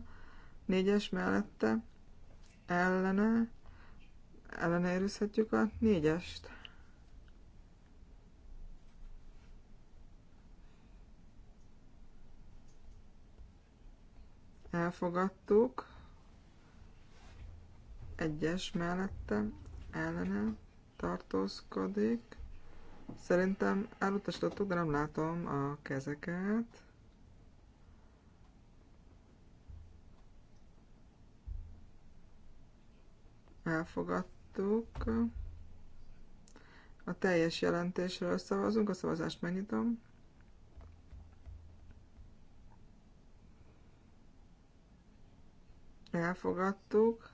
4-es mellette ellene ellenőrizhetjük a 4-est. elfogadtuk, egyes mellette ellene tartózkodik. Szerintem elutasítottuk, de nem látom a kezeket. Elfogadtuk. A teljes jelentésről szavazunk, a szavazást megnyitom. elfogadtuk,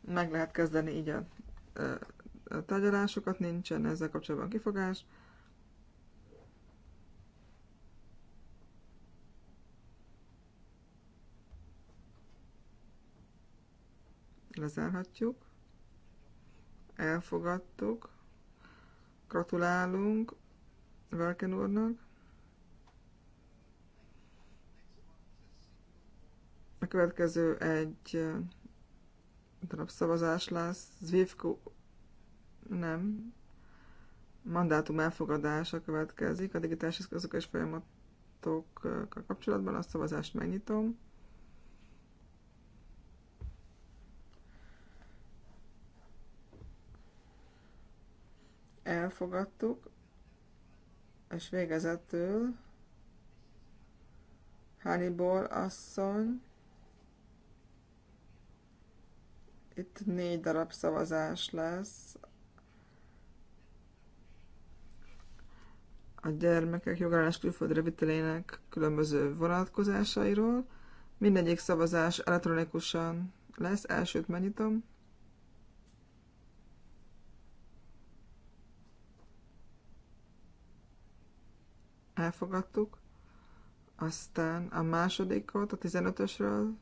meg lehet kezdeni így a, a tárgyalásokat, nincsen ezzel kapcsolatban kifogás. Lezárhatjuk. Elfogadtuk. Gratulálunk Velken úrnak. következő egy darab szavazás lesz. Zvivko nem. Mandátum elfogadása következik a digitális eszközök és folyamatokkal kapcsolatban. A szavazást megnyitom. Elfogadtuk, és végezetül Hannibal asszony Itt négy darab szavazás lesz. A gyermekek jogállás külföldre vitelének különböző vonatkozásairól. Mindegyik szavazás elektronikusan lesz. Elsőt megnyitom. Elfogadtuk. Aztán a másodikot, a 15-ösről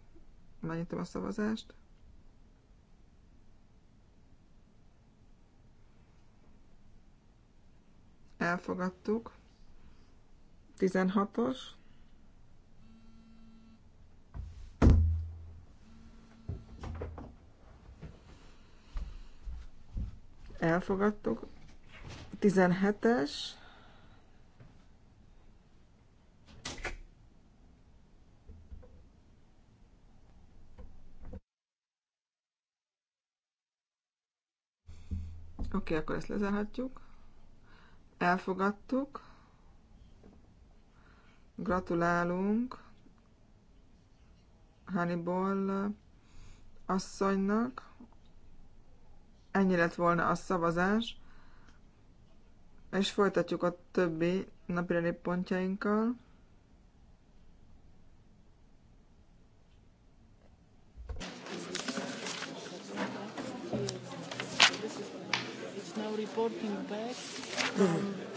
megnyitom a szavazást. elfogadtuk. 16-os. Elfogadtuk. 17-es. Oké, okay, akkor ezt lezárhatjuk. Elfogadtuk. Gratulálunk Hannibal asszonynak. Ennyi lett volna a szavazás. És folytatjuk a többi napirendi pontjainkkal. reporting back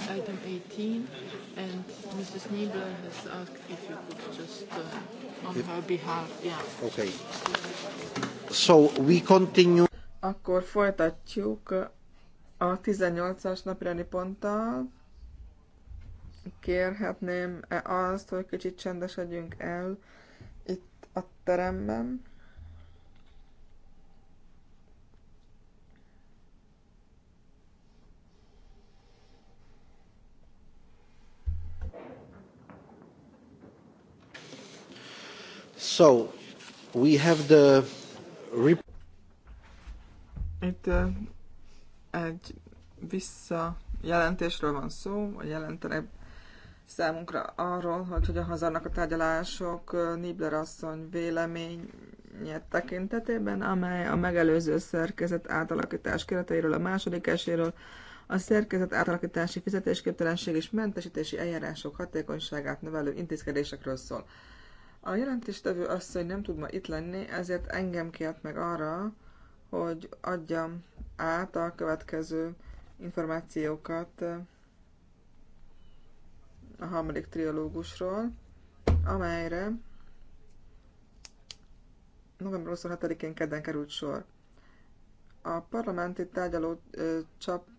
item 18, and Mrs. Niebler has asked if you could just, uh, on her behalf, yeah. Okay. So we continue. Akkor folytatjuk a 18-as napirani ponttal. Kérhetném -e azt, hogy kicsit csendesedjünk el itt a teremben. So, we have the... Itt egy vissza jelentésről van szó, a jelentenek számunkra arról, hogy hogy a hazarnak a tárgyalások Nibler asszony véleménye tekintetében, amely a megelőző szerkezet átalakítás kereteiről, a második eséről, a szerkezet átalakítási fizetésképtelenség és mentesítési eljárások hatékonyságát növelő intézkedésekről szól. A jelentéstevő asszony nem tud ma itt lenni, ezért engem kért meg arra, hogy adjam át a következő információkat eh, a harmadik triológusról, amelyre november 27-én kedden került sor. A parlamenti tárgyaló eh, csapatot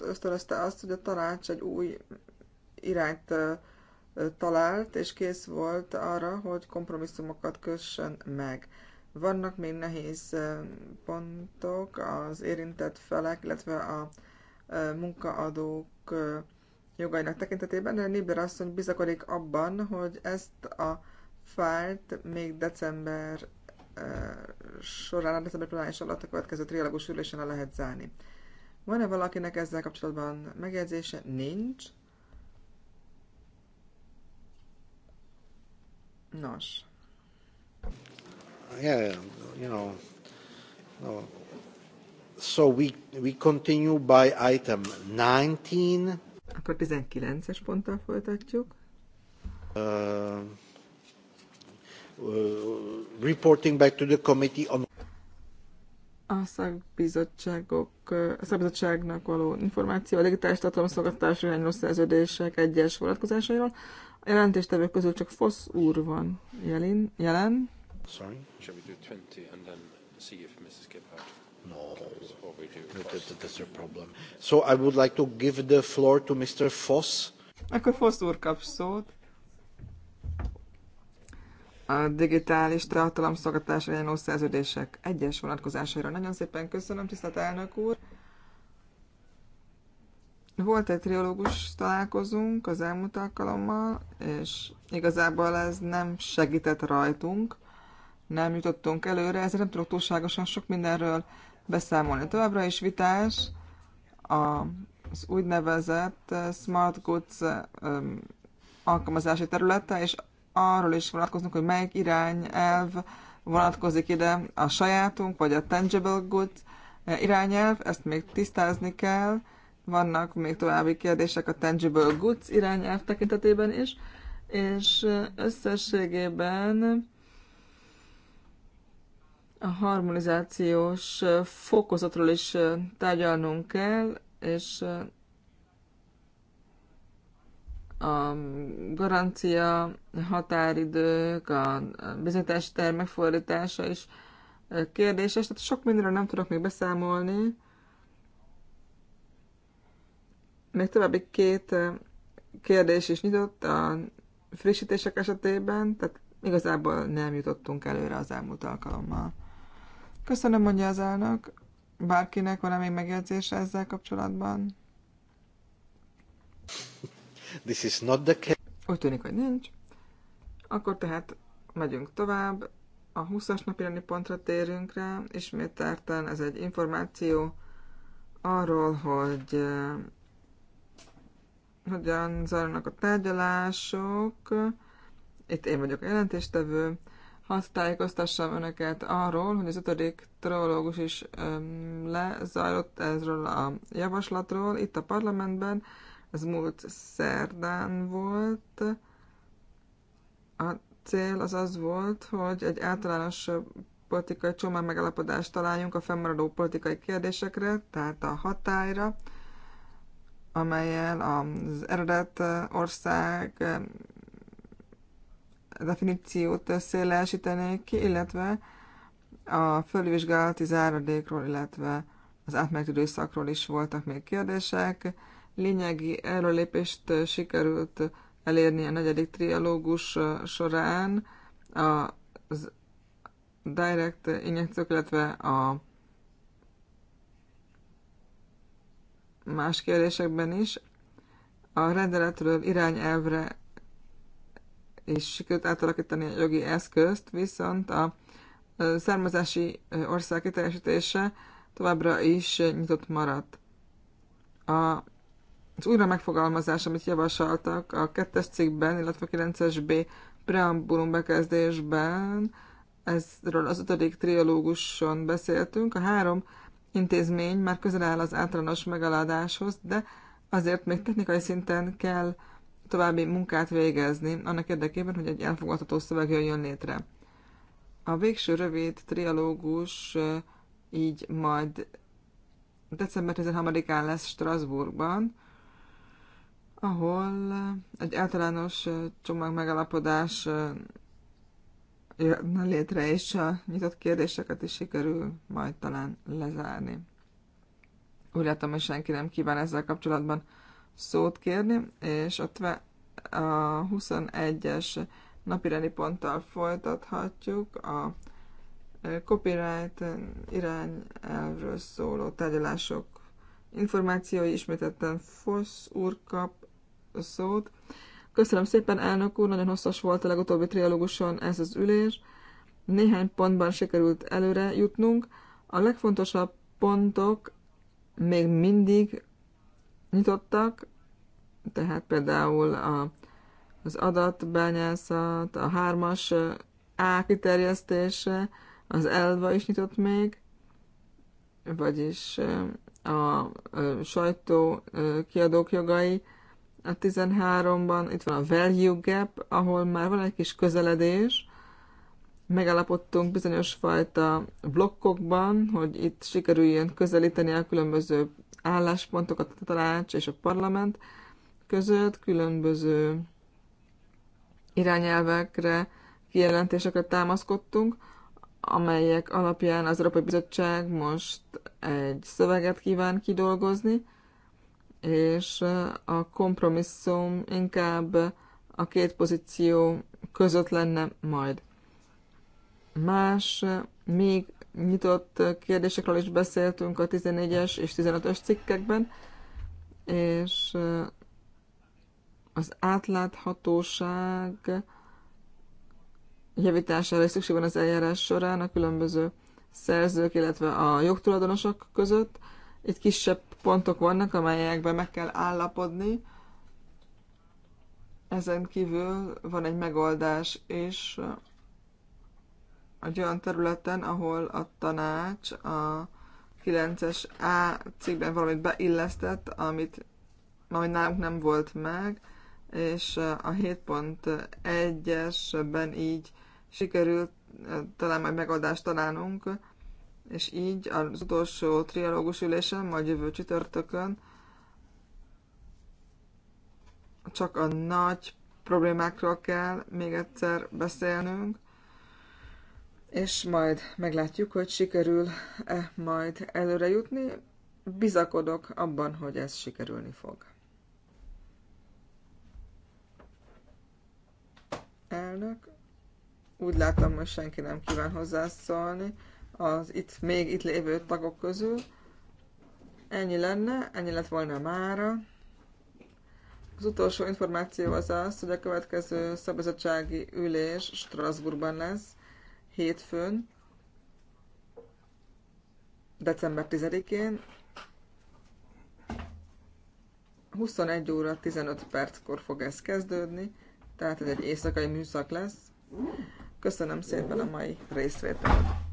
ösztönözte azt, hogy a tanács egy új irányt eh, talált, és kész volt arra, hogy kompromisszumokat kössön meg. Vannak még nehéz pontok az érintett felek, illetve a munkaadók jogainak tekintetében, de Nibler asszony bizakodik abban, hogy ezt a fájlt még december során, a december plenáris alatt a következő trialógus ülésen le lehet zárni. Van-e valakinek ezzel kapcsolatban megjegyzése? Nincs. Nos. Yeah, you know, no. So we, we continue by item 19. Akkor 19-es ponttal folytatjuk. Uh, uh, reporting back to the committee on a szakbizottságok, uh, a szakbizottságnak való információ, a digitális tartalomszolgáltatás irányuló szerződések egyes vonatkozásairól. A jelentéstevők közül csak Fosz úr van jelin, jelen. Sorry? Shall we do 20 and then see if Mrs. Gebhardt No, No, that's a problem. So I would like to give the floor to Mr. Foss. Akkor Foss úr kap szót. A digitális tartalomszolgáltatásra jelenló szerződések egyes vonatkozásaira. Nagyon szépen köszönöm, tisztelt elnök úr. Volt egy triológus találkozunk az elmúlt alkalommal, és igazából ez nem segített rajtunk, nem jutottunk előre, ezért nem tudok túlságosan sok mindenről beszámolni. Továbbra is vitás az úgynevezett Smart Goods alkalmazási területe, és arról is vonatkozunk, hogy melyik irány elv vonatkozik ide a sajátunk, vagy a tangible goods eh, irányelv, ezt még tisztázni kell, vannak még további kérdések a tangible goods irányelv tekintetében is, és összességében a harmonizációs fokozatról is tárgyalnunk kell, és a garancia határidők, a bizonyítási termek fordítása is kérdéses, tehát sok mindenről nem tudok még beszámolni, Még további két kérdés is nyitott a frissítések esetében, tehát igazából nem jutottunk előre az elmúlt alkalommal. Köszönöm, mondja az elnök. Bárkinek van-e még megjegyzése ezzel kapcsolatban? This is not the case. Úgy tűnik, hogy nincs. Akkor tehát megyünk tovább. A 20-as napi pontra térünk rá. Ismételten ez egy információ arról, hogy hogyan zajlanak a tárgyalások. Itt én vagyok a jelentéstevő. Hadd tájékoztassam önöket arról, hogy az ötödik trilógus is öm, lezajlott ezről a javaslatról itt a parlamentben. Ez múlt szerdán volt. A cél az az volt, hogy egy általános politikai csomag megalapodást találjunk a fennmaradó politikai kérdésekre, tehát a hatályra, amelyel az eredet eh, ország eh, definíciót szélesítenék ki, illetve a fölvizsgálati záradékról, illetve az átmeneti időszakról is voltak még kérdések. Lényegi előlépést eh, sikerült elérni a negyedik trialógus során az direct injekciók, illetve a más kérdésekben is. A rendeletről irányelvre is sikerült átalakítani a jogi eszközt, viszont a származási ország kiteljesítése továbbra is nyitott maradt. A, az újra megfogalmazás, amit javasoltak a 2 cikkben, illetve a 9-es B preambulum bekezdésben, ezről az ötödik triológuson beszéltünk, a három intézmény már közel áll az általános megaladáshoz, de azért még technikai szinten kell további munkát végezni, annak érdekében, hogy egy elfogadható szöveg jöjjön létre. A végső rövid trialógus így majd december 13-án lesz Strasbourgban, ahol egy általános csomag megalapodás jön létre, és a nyitott kérdéseket is sikerül majd talán lezárni. Úgy látom, hogy senki nem kíván ezzel kapcsolatban szót kérni, és ott a 21-es napirendi ponttal folytathatjuk a copyright irányelvről szóló tárgyalások információi ismételten Fosz úr kap szót. Köszönöm szépen, elnök úr, nagyon hosszas volt a legutóbbi trialóguson ez az ülés. Néhány pontban sikerült előre jutnunk. A legfontosabb pontok még mindig nyitottak, tehát például a, az adatbányászat, a hármas A kiterjesztése, az elva is nyitott még, vagyis a sajtó kiadók jogai, a 13-ban itt van a value gap, ahol már van egy kis közeledés. Megállapodtunk bizonyos fajta blokkokban, hogy itt sikerüljön közelíteni a különböző álláspontokat a tanács és a parlament között, különböző irányelvekre, kijelentésekre támaszkodtunk, amelyek alapján az Európai Bizottság most egy szöveget kíván kidolgozni, és a kompromisszum inkább a két pozíció között lenne majd. Más, még nyitott kérdésekről is beszéltünk a 14-es és 15-ös cikkekben, és az átláthatóság javítására is szükség van az eljárás során a különböző szerzők, illetve a jogtulajdonosok között. Itt kisebb pontok vannak, amelyekben meg kell állapodni. Ezen kívül van egy megoldás is egy olyan területen, ahol a tanács a 9-es A cikkben valamit beillesztett, amit majd nálunk nem volt meg, és a 7.1-esben így sikerült eh, talán majd megoldást találnunk és így az utolsó trialógus ülésen, majd jövő csütörtökön csak a nagy problémákról kell még egyszer beszélnünk, és majd meglátjuk, hogy sikerül-e majd előre jutni. Bizakodok abban, hogy ez sikerülni fog. Elnök. Úgy látom, hogy senki nem kíván hozzászólni az itt még itt lévő tagok közül. Ennyi lenne, ennyi lett volna mára. Az utolsó információ az az, hogy a következő szabadsági ülés Strasbourgban lesz, hétfőn, december 10-én, 21 óra 15 perckor fog ez kezdődni, tehát ez egy éjszakai műszak lesz. Köszönöm szépen a mai részvételt!